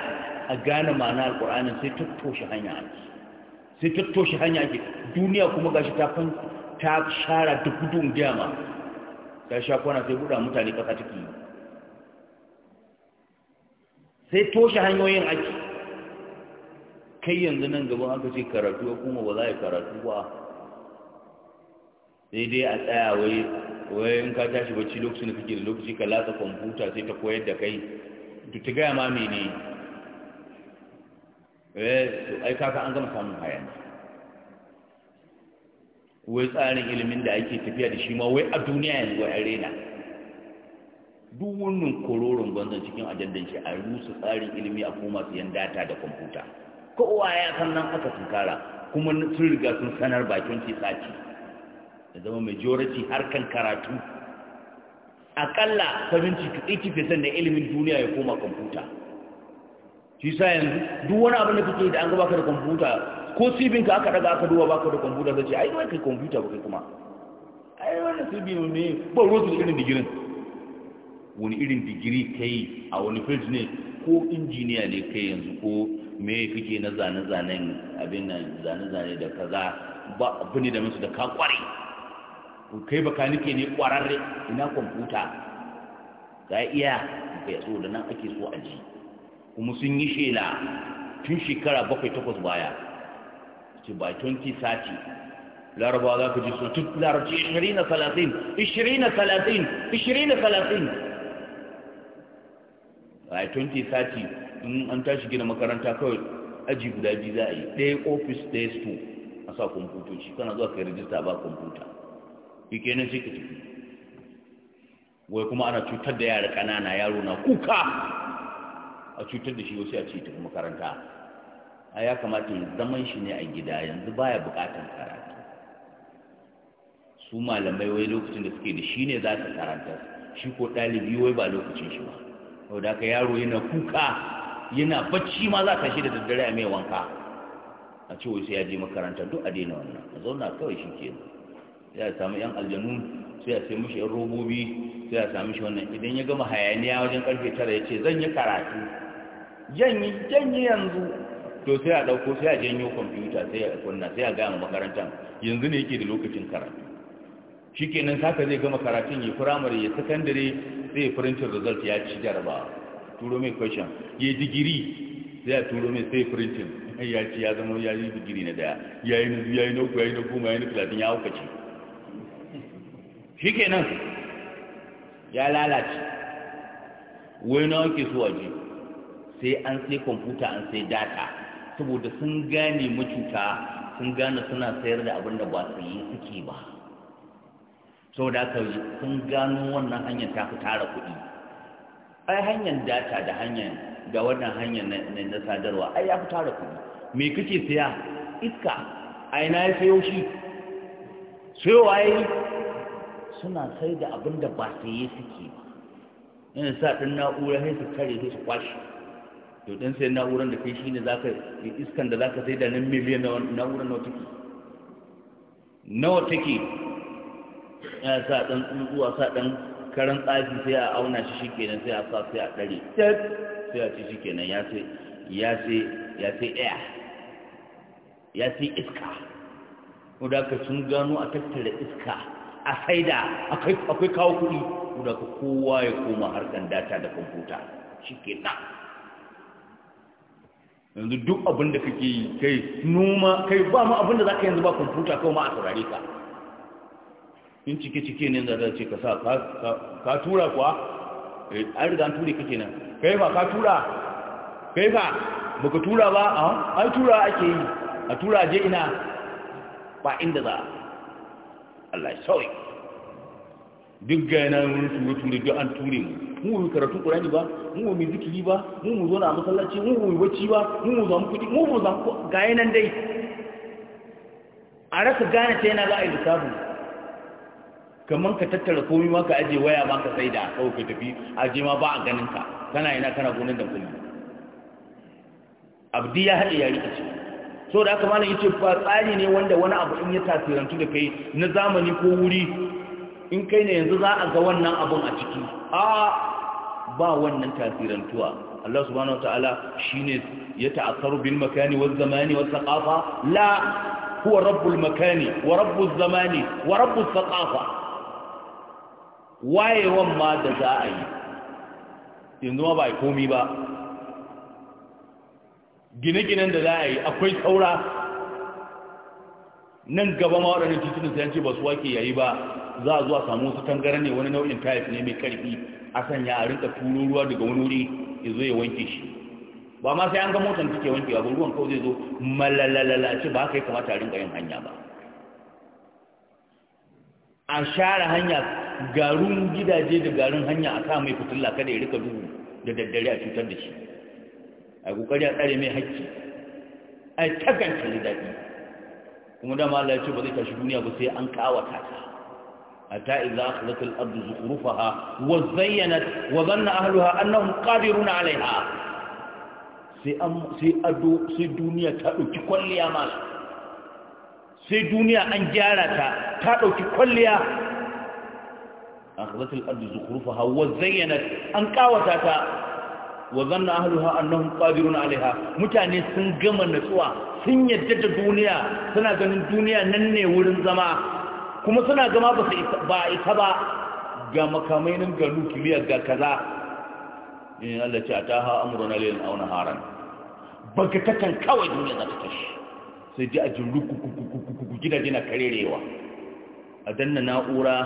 a gane ma'ana alƙur'anin sai tattoshe hanya ake sai tattoshe hanya ake duniya kuma gashi ta fan ta shara duk gudun dama ta sha kwana sai buɗa mutane ƙasa ke yi sai toshe hanyoyin ake kai yanzu nan gaban aka ce karatu ya kuma ba za a yi karatu ba sai dai a tsaya wai wai in ka tashi bacci lokacin da kake da lokaci ka latsa kwamfuta sai ta koyar da kai duk ta gaya ma mene wai eh, to ai kaka an gama samun hayan. wai tsarin ilimin da ake tafiya da shi ma wai a duniya yanzu wai an rena duk wannan kororon banzan cikin ajandan shi a rusa tsarin ilimi a koma yan data da kwamfuta kowa ya san nan aka tunkara kuma sun riga sun sanar bakin ce sati ya zama majority harkan karatu akalla 70-80% da ilimin duniya ya koma kwamfuta shi sa yanzu duk wani abin da kake da an gaba ka da kwamfuta ko cibin ka aka daga aka duba baka da kwamfuta zai ce ai wai kai kwamfuta ba kai kuma ai wani cibin ne ba rotu irin digirin wani irin digiri kai a wani field ne ko injiniya ne kai yanzu ko me kake na zane-zanen abin nan zane-zane da kaza ba abu ne da musu da ka kware kai baka nike ne kwararre ina kwamfuta ga iya ya so da nan ake so a ji kuma sun yi shela tun shekara bakwai takwas baya ce by 2030 laraba za ka ji so tun larabci 20 30 20 30 20 30 by 2030 in an tashi gina makaranta kawai aji guda biyu za a yi ɗaya ofis ɗaya sto a sa kwamfutoci kana zuwa kai rijista ba kwamfuta nan sai ka tafi wai kuma ana cutar da yara ƙanana yaro na kuka a cutar da shi wasu a ce tafi makaranta a ya kamata yin zaman shi ne a gida yanzu baya buƙatar karatu su malamai wai lokacin da suke da shi ne za ta karanta shi ko ɗalibi wai ba lokacin shi ba saboda haka yaro yana kuka yana bacci ma za ka shi da daddare a mai wanka a ce sai ya je makaranta duk a daina wannan a zauna kawai shi ke nan. sai a samu yan aljanu sai a samu shi yan robobi sai a samu shi wannan idan ya gama hayaniya wajen karfe tara ya ce zan yi karatu janyi janyi yanzu to sai a ɗauko sai a janyo kwamfuta sai a kunna sai a gama makarantar yanzu ne yake da lokacin karatu shi kenan saka zai gama karatun ya firamare ya sakandare sai ya printin result ya ci jarabawa turo mai question ya digiri sai a turo mai sai printing ya ci ya zama ya yi digiri na daya ya yi na uku ya yi na goma ya yi na talatin ya haukaci shi kenan ya lalace wai na wanke su waje sai an sai kwamfuta an sai data saboda sun gane macuta sun gane suna sayar da abin da ba su yi suke ba saboda haka sun gano wannan hanyar ta fi tara kuɗi ai hanyar data da hanyar da wannan hanyar na sadarwa ai ya fi tara kuɗi me kake siya iska ai na ya sayo shi sayowa ya yi suna sai da abin da ba yi suke ba yana sa ɗin na'ura sai su kare sai su kwashe to ɗin sai na'urar da kai shi ne za ka iskan da za ka sai da nan miliyan na'urar nawa take nawa take Ya sa ɗan tsuntsuwa sa ɗan karan tsafi sai a auna shi shikenan sai a sa sai a ɗare sai a ci shikenan ya sai ya sai ya sai ɗaya ya sai iska ko da ka sun gano a tattara iska a saida akwai kawo kuɗi da kowa ya koma harkan data da kwamfuta shi ke ta yanzu duk abin da kake yi kai noma kai ba ma abin da za ka yanzu ba kwamfuta ko ma a saurare ka in cike-cike ne za ce ka sa ka tura kuwa eh, a riga an ture kake nan kai ba ka tura kai ba baka ah, tura ba a tura ake yi a tura je ina ba inda za a Allah ya sauyi duk yana nuna ture-ture duk an ture mu mu yi karatu ƙurani ba mu mu zikiri ba mu mu zo na masallaci mu mu wacci ba mu mu zamu kuɗi mu mu zamu gaya nan dai a rasa gane ta yana za a yi lissafin kamar ka tattara komi ma ka aje waya ma ka sai da kawai ka tafi aje ma ba a ganin ka kana yana kana gonin da kullum abdi ya haɗe ya rikice so da aka mana yace fa tsari ne wanda wani abu in ya tasirantu da kai na zamani ko wuri in kai ne yanzu za a ga wannan abun a ciki a ba wannan tasirantuwa Allah subhanahu shi ne ya ta'assaru bil makani waz zamani was saƙafa. la rabbul makani wa zamani wa rabbuz wayewan ma da za a yi yanzu ma ba komi ba gine-ginen da za a yi akwai saura nan gaba ma titunan sai ce ba su wake yayi ba za a zuwa samu wasu tangara ne wani nau'in tayif ne mai karfi a sanya a rinka turo ruwa daga wani wuri ya zo ya wanke shi ba ma sai an ga motar take wanke ba ruwan kawai zai zo malalalala ce ba kai kamata a rinka yin hanya ba a share hanya garun gidaje da garin hanya a sa mai fitilla kada ya rika duhu da daddare a cutar da shi a kokari a tsare mai haƙƙi a taganta ne daɗi kuma dama Allah ya ce ba zai tashi duniya ba sai an kawata ta A a حتى إذا أخذت الأرض زخرفها وزينت وظن أهلها أنهم قادرون alaiha. sai ado sai duniya ta ɗauki kwalliya mala sai duniya an gyara ta ta ɗauki kwalliya a kazatul ardu ha. wa zayyana an kawata ta wa zanna ahluha annahum qadirun alaiha mutane sun gama natsuwa sun yadda da duniya suna ganin duniya nan ne wurin zama kuma suna gama ba ba ita ba ga makamai nan ga nukiliya ga kaza in Allah ce ataha amruna lil auna haran baka takan kawai duniya za ta tashi sai ji a jin rukukukukuku gidaje na karerewa a danna na'ura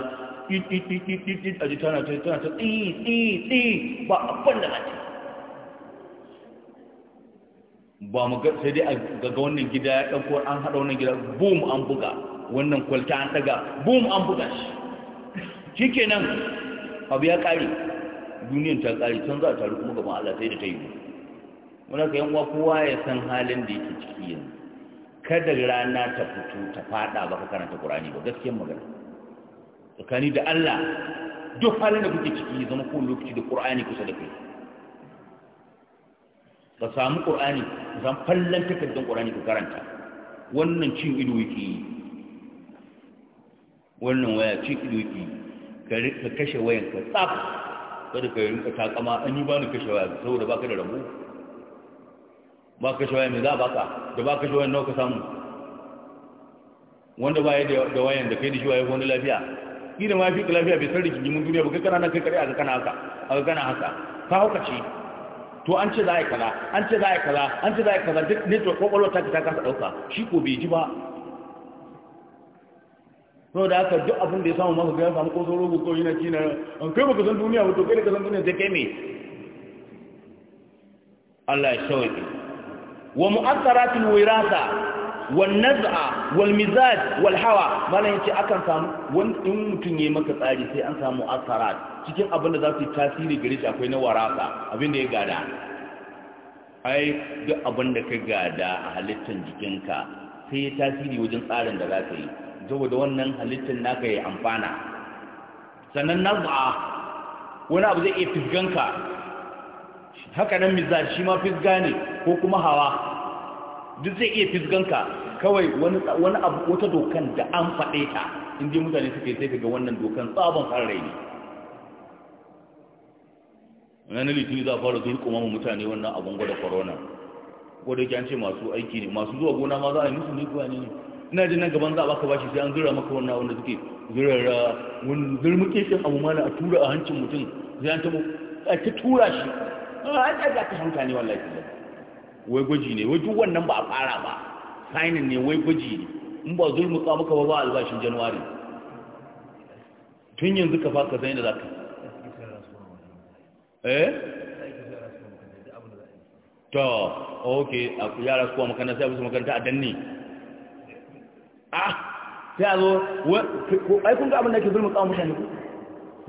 a ji tana ta tsi tsi tsi ba abin da mace ba mu ga sai dai a, ga wannan gida ya ɗauko an haɗa wannan gida boom an buga wannan kwalta an ɗaga boom an buga shi shi nan, abu ya ƙare duniyan ta ƙare can za a taru kuma gaban Allah sai da ta yi muna ka yanwa kowa ya san halin da yake ciki yanzu kada rana ta fito ta faɗa ba ka karanta ƙur'ani ba gaskiyan magana tsakani da Allah duk halin da kuke ciki zama kowane lokaci da ƙur'ani kusa da kai ka samu ƙur'ani, ka samu fallan takardun qur'ani ka karanta wannan cin ido yake yi wannan waya cin ido yake yi ka kashe wayan ka tsaf kada ka rinka takama an yi bani kashe waya saboda baka da rabu ba kashe waya mai za ka da ba kashe wayan nawa ka samu wanda ba ya da wayan da kai da shi waye wani lafiya Ina ma fi lafiya bai san jimin duniya ba kai kana nan kai kare a ga kana haka a ga kana haka ka hauka ce to an ce za a yi kaza an ce za a yi kaza an ce za a yi kaza duk network kwakwalwa ta ta kasa ɗauka shi ko bai ji ba sau da haka duk abin da ya samu masa gaya samu ko sauro ko koyi na cina an kai baka san duniya wato kai da ka san duniya sai kai me Allah ya shawaki wa mu'assaratul wirasa wal naz'a wal mizaj wal hawa malan yace akan samu wani yayi maka tsari sai an samu asarat cikin abin da za su tasiri gare shi akwai na warasa abin da ya gada ai duk abin da ka gada a halittar jikinka sai ya tasiri wajen tsarin da za ka yi saboda wannan halittar naka ya amfana sannan naz'a wani abu zai iya fisganka haka nan mizaj shi ma fisga ne ko kuma hawa duk zai iya fisganka kawai wani abu wata dokan da an faɗe ta inda mutane suka yi sai ga wannan dokan tsabon harare ne ranar litini za a fara zurkuma mu mutane wannan abin gwada corona gwada yake an ce masu aiki ne masu zuwa gona ma za a yi musu ne kuwa ne ne ina jin nan gaban za a baka bashi sai an zura maka wannan wanda suke zurara wani zurmuke shi abu mana a tura a hancin mutum sai an tabo a ta tura shi a ta ga ta hankali wallahi wai gwaji ne wai duk wannan ba a fara ba sainin ne wai gwaji ne in ba ka muka ba ba albashin januwari tun yanzu ka faka zai da za ka eh to a ku yara su kuwa makaranta sai abu makaranta a danne ah sai a zo ai kun ga abin da ke zulmuka mutane ku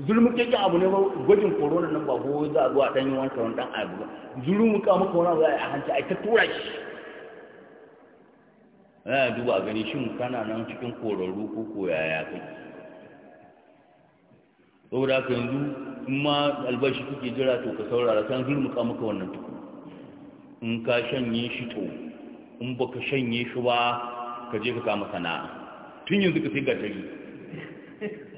zulmuƙeƙe abu ne gwajin corona nan ba goyi za a zuwa dan yi wanka wani dan abu ba zulmuƙa maka wani za a yi a hanci a ta tura shi ya duba gani shin kana nan cikin kororo ko koyaya kai saboda ka yanzu in ma albashi kuke jira to ka saurara san zulmuƙa muka wannan tuku in ka shanye shi to in ba ka shanye shi ba ka je ka kama sana'a tun yanzu ka sai gatari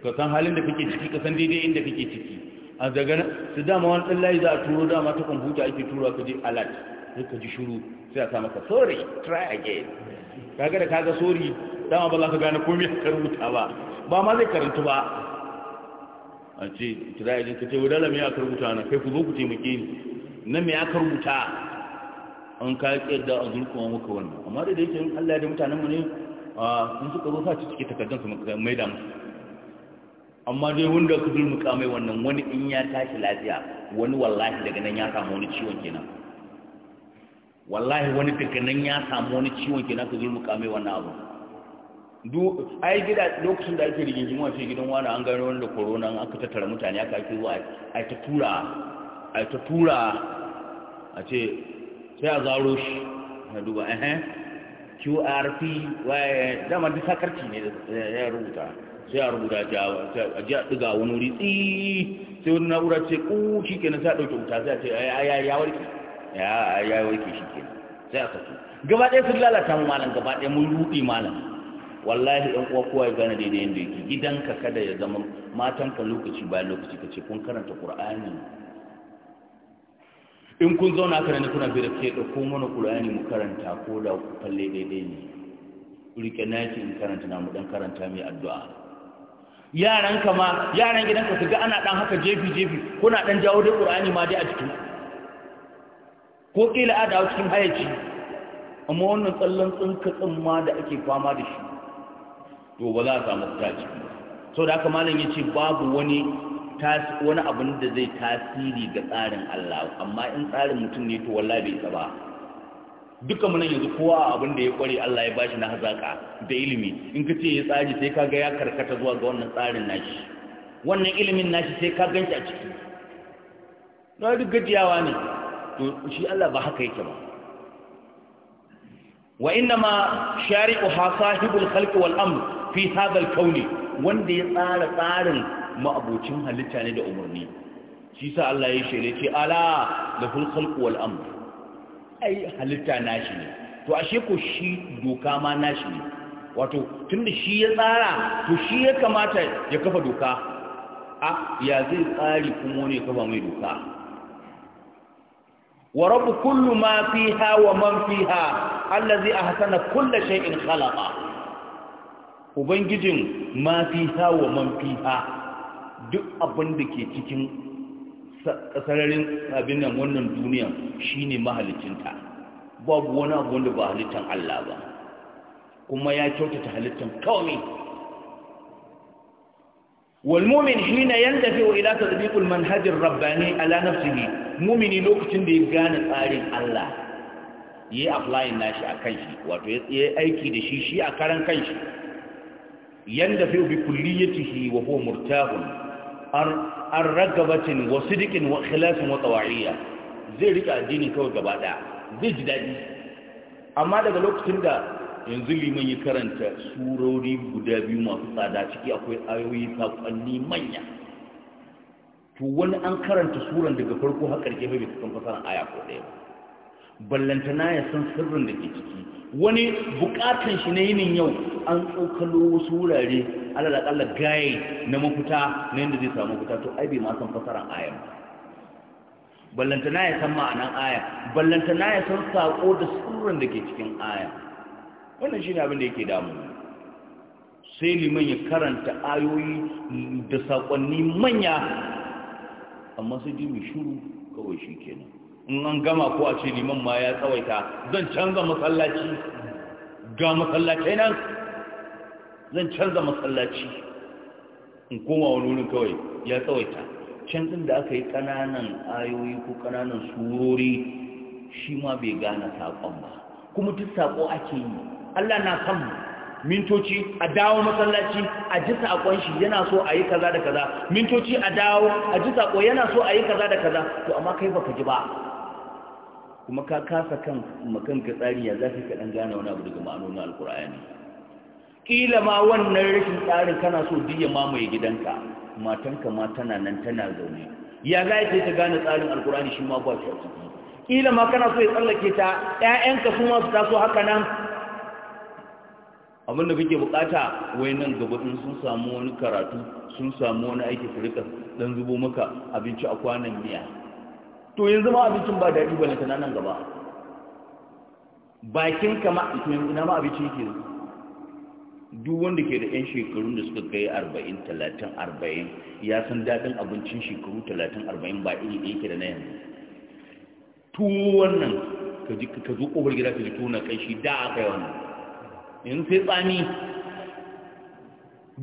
ka san halin da kake ciki ka san daidai inda kake ciki a daga su dama wani ɗan layi za a turo dama ta kwamfuta ake turo ka je alert sai ka ji shuru sai a sa maka sorry try again kaga da kaga sorry dama ba za ka gane komai ka rubuta ba ba ma zai karantu ba a ce try again ka ce wadala me aka rubuta na kai ku zo ku taimake ni na me aka rubuta an ka da a zurkuma maka wannan amma da yake in Allah ya da mutanen mu ne sun suka zo sa ci cike takardun su mai da musu amma dai wanda ka zulmi kamai wannan wani in ya tashi lafiya wani wallahi daga nan ya samu wani ciwon kenan wallahi wani daga nan ya samu wani ciwon kenan ka zulmi kamai wannan abu du ai gida lokacin da ake rigingin wace gidan wani an gano wanda corona aka tattara mutane aka ake zuwa ai ta tura ai ta tura a ce sai a zaro shi na duba eh, eh qrp waye dama duk sakarci ne ya rubuta sai a rubuta jawa a ji a ɗiga wani wuri tsii sai wani na'urar ce ku shi ke nan sai a ɗauke wuta sai a ce ya yi warke ya yi warke shi ke sai a saki gaba ɗaya sun lalata mu malam gaba ɗaya mun ruɗi malam wallahi ɗan uwa kowa ya gane daidai yadda yake gidanka kada ya zama matanka lokaci bayan lokaci ka ce kun karanta ƙur'ani in kun zauna aka ne kuna fira ke ɗauko mana ƙur'ani mu karanta ko da kalle daidai ne rike naki in karanta na mu ɗan karanta mai addu'a yaran ka ma yaran gidanka su ga ana dan haka jefi jefi kuna dan jawo da qur'ani ma dai a cikin ko kila a cikin hayaci amma wannan tsallan tsinka ma da ake fama da shi to ba za a samu ta so da haka malam yace babu wani wani abin da zai tasiri ga tsarin Allah amma in tsarin mutum ne to wallahi bai tsaba duka munan yanzu kowa abin da ya kware Allah ya bashi na hazaka da ilimi in ka ce ya tsari sai ka ga ya karkata zuwa ga wannan tsarin nashi wannan ilimin nashi sai ka ganshi a ciki na duk gajiyawa ne to shi Allah ba haka yake ba wa innama shari'u ha sahibul khalqi wal amr fi hadha al kauni wanda ya tsara tsarin ma'abucin halitta ne da umarni shi sa Allah ya shele ce ala lahul khalq wal amr ai halitta nashi ne to ashe ku shi doka ma nashi ne wato tunda shi ya tsara to shi ya kamata ya kafa doka a ya zai tsari kuma wani ya kafa mai doka wa rabu kullu ma fiha wa man fiha allazi ahsana kulla shay'in khalaqa ubangijin ma fiha wa man fiha duk abin da ke cikin sararin abin nan wannan duniya shine mahalicinta babu wani abu wanda ba halittan Allah ba kuma ya kyautata halittan kawai والمؤمن حين يندفع إلى تطبيق المنهج الرباني على نفسه مؤمن لوكتين دي غان تsarin Allah yayi applying nashi akan shi wato yayi aiki da shi shi a karan kanshi yandafi bi kulliyatihi wa huwa murtahun an ragabatin wa sidikin wa watsa wa tsawariya zai rika addini kawai gaba ɗaya zai ji daɗi amma daga lokacin da yanzu liman ya karanta surori guda biyu masu tsada ciki akwai ayoyi saƙonni manya to wani an karanta suran daga farko har ƙarshe bai san fasaran aya ko ɗaya ba ballantana ya san sirrin da ke ciki wani buƙatan shi na yinin yau an tsokalo wasu wurare alalakalla gaye na mafita na yadda zai samu mafita to ai bai ma san fasaran ayan ballantana ya san ma'anan aya ballantana ya san sako da sirrin da ke cikin aya wannan shi ne abin da yake damu sai liman ya karanta ayoyi da saƙonni manya amma sai ji mai shuru kawai shi kenan in an gama ko a ce liman ma ya tsawaita zan canza masallaci ga masallacai nan zan canza masallaci in koma wani wurin kawai ya tsawaita can da aka yi ƙananan ayoyi ko ƙananan surori shi ma bai gane saƙon ba kuma duk saƙo ake yi allah na san mintoci a dawo masallaci a ji saƙon shi yana so a yi kaza da kaza mintoci a dawo a ji saƙo yana so a yi kaza da kaza to amma kai baka ji ba kuma ka kasa kan makanka tsari ya zafi ka dan gane wani abu daga ma'anonin alkur'ani Ƙila ma wannan rashin tsarin kana so diya mamaye gidanka matanka ma tana nan tana zaune ya za ta gane tsarin alkur'ani shi ma ba shi a ciki ma kana so ya tsallake ta ƴaƴanka su ma su taso haka nan abinda kake bukata wai nan gaba in sun samu wani karatu sun samu wani aiki su rika dan zubo maka abinci a kwanan miya to yanzu ma abincin ba daɗi ba na nan gaba bakin kama na ma abinci yake duk wanda ke da 'yan shekarun da suka kai arba'in talatin arba'in ya san daɗin abincin shekaru talatin arba'in ba iri ɗaya ke da na yanzu tuwo wannan ka zo ƙofar gida ka ji tuwo na kai shi da aka yi wannan yanzu sai tsami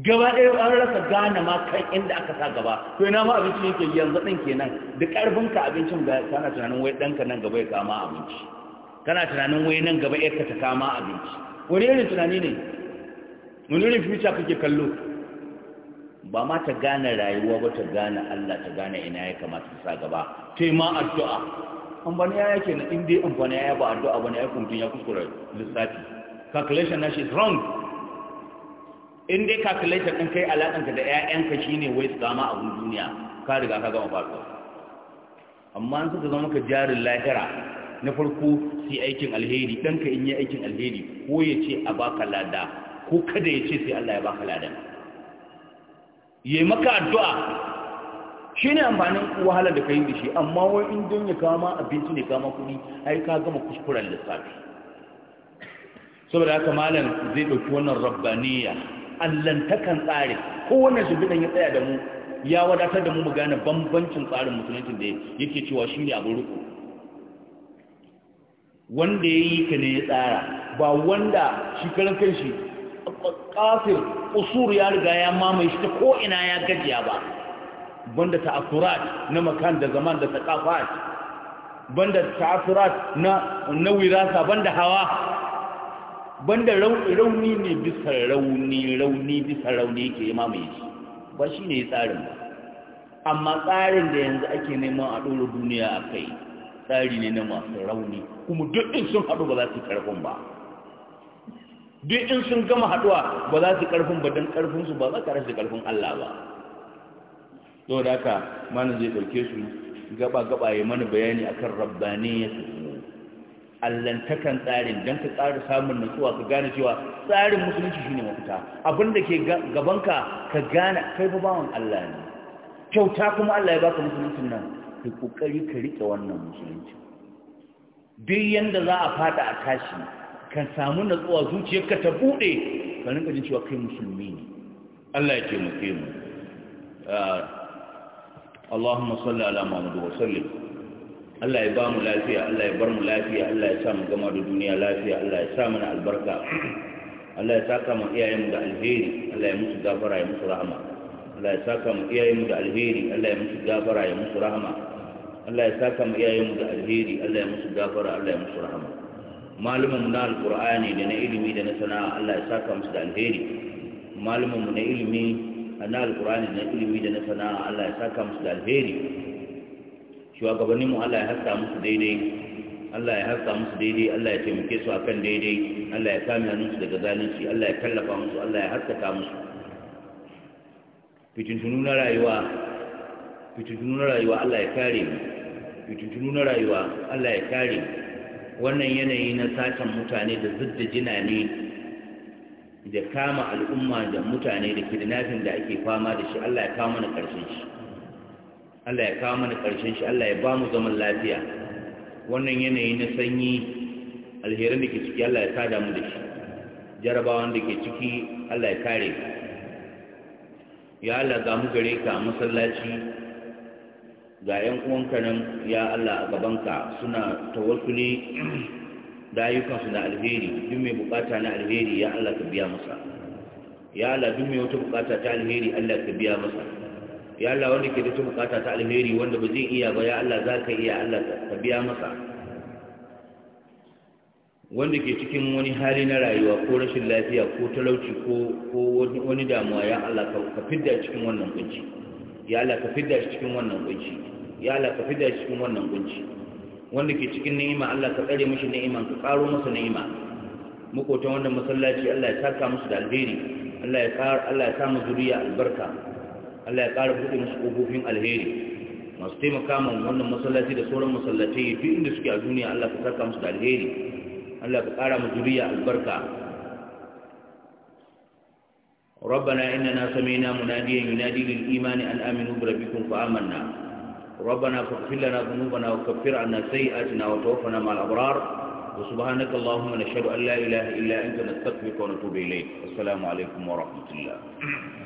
gaba ɗaya an rasa gane ma kan inda aka sa gaba to ina ma abinci yake yanzu ɗin kenan da ka abincin ga kana tunanin wai ɗanka nan gaba ya kama abinci kana tunanin wai nan gaba ka ta kama abinci wani irin tunani ne wani irin fita kake kallo ba ma ta gane rayuwa ba ta gane Allah ta gane ina ya kamata ta sa gaba kai ma addu'a an bani yaya kenan in dai an bani yaya ba addu'a bane ya kuntun ya kuskura lissafi calculation na shi is wrong in dai calculator din kai alaƙanka da ƴaƴanka shine wai su zama abin duniya ka riga ka gama farko amma an suka zama ka jarin lahira na farko sai aikin alheri ɗanka in yi aikin alheri ko ya ce a baka lada ko kada ya ce sai Allah ya baka lada ya yi maka addu'a shi ne amfanin wahala da kayi da shi amma wai in don ya kama abinci ne kama kuɗi ai ka gama kuskuren lissafi saboda haka malam zai ɗauki wannan rabbaniya allantakan tsari kowane shimfiɗan ya tsaya da mu ya wadatar da mu mu gane bambancin tsarin musulunci da yake cewa shi ne abin riko wanda ya yi ka ne ya tsara ba wanda shi karan kanshi kafir usur ya riga ya mamaye shi ta ko'ina ya gajiya ba banda ta'afurat na makan da zaman da taƙafat banda ta'afurat na wirasa banda hawa banda rauni ne bisa rauni rauni bisa rauni yake mamaye shi ba shi ne tsarin ba amma tsarin da yanzu ake neman a ɗora duniya a kai tsari ne na masu rauni kuma duk in sun haɗu ba za su karfin ba duk in sun gama haɗuwa ba za su ƙarfin ba don ƙarfinsu ba za ka rashe ƙarfin Allah ba saboda haka mana zai ɗauke su gaba-gaba ya mana bayani akan su allantakan tsarin don ka tsara samun nutsuwa ka gane cewa tsarin musulunci shine mafita abin da ke gabanka ka gane kai fa bawan Allah ne kyauta kuma Allah ya baka musuluncin nan ka kokari ka rike wannan musulunci duk yanda za a fada a tashi ka samu nutsuwa zuciyarka ta bude ka rinka jin cewa kai musulmi ne Allah ya taimake mu ah, Allahumma salli ala Muhammad wa Allah ya ba mu lafiya Allah ya bar mu lafiya Allah ya sa mu gama da duniya lafiya Allah ya sa mana albarka Allah ya saka mu mu da alheri Allah ya musu gafara ya musu rahama Allah ya saka mu mu da alheri Allah ya musu gafara ya musu rahama Allah ya saka mu mu da alheri Allah ya musu gafara Allah ya musu rahama mu na alqur'ani da na ilimi da na sana'a Allah ya saka mu da alheri mu na ilimi na alqur'ani da na ilimi da na sana'a Allah ya saka mu da alheri shugabannin mu Allah ya haska musu daidai Allah ya haska musu daidai Allah ya taimake su akan daidai Allah ya kame hannunsu daga zalunci Allah ya tallafa musu Allah ya haskaka musu fitintunu na rayuwa fitintunu na rayuwa Allah ya kare mu fitintunu na rayuwa Allah ya kare mu wannan yanayi na satan mutane da zidda jinane da kama al'umma da mutane da kidnapping da ake fama da shi Allah ya kawo mana ƙarshen shi Allah ya kawo mana ƙarshen shi Allah ya ba mu zaman lafiya wannan yanayi na sanyi alherin da ke ciki Allah ya tada mu da shi jarabawan da ke ciki Allah ya kare ya Allah ga mu gare ka masallaci ga ƴan uwanka nan ya Allah a gabanka suna tawassuli da ayyukansu na alheri duk mai bukata na alheri ya Allah ka biya masa ya Allah duk mai wata bukata ta alheri Allah ka biya masa ya Allah wanda ke da ta bukata ta alheri wanda ba zai iya ba ya Allah za ka iya Allah ka biya masa wanda ke cikin wani hali na rayuwa ko rashin lafiya ko talauci ko wani damuwa ya Allah ka fidda cikin wannan kunci ya Allah ka fidda shi cikin wannan kunci ya Allah ka fidda shi cikin wannan kunci wanda ke cikin ni'ima Allah ka tsare mishi ni'iman ka karo masa ni'ima ta wannan masallaci Allah ya saka musu da alheri Allah ya kar Allah ya sa mu zuriya albarka Allah ya ƙara buɗe musu ƙofofin alheri masu taimaka ma wannan masallaci da sauran masallatai duk inda suke a duniya Allah ka saka musu da alheri Allah ka ƙara mu zuriya albarka ربنا إننا سمعنا مناديا ينادي للإيمان أن آمنوا بربكم فآمنا ربنا فاغفر لنا ذنوبنا وكفر عنا سيئاتنا وتوفنا مع الأبرار وسبحانك اللهم نشهد أن لا إله إلا أنت نستغفرك ونتوب إليك والسلام عليكم ورحمة الله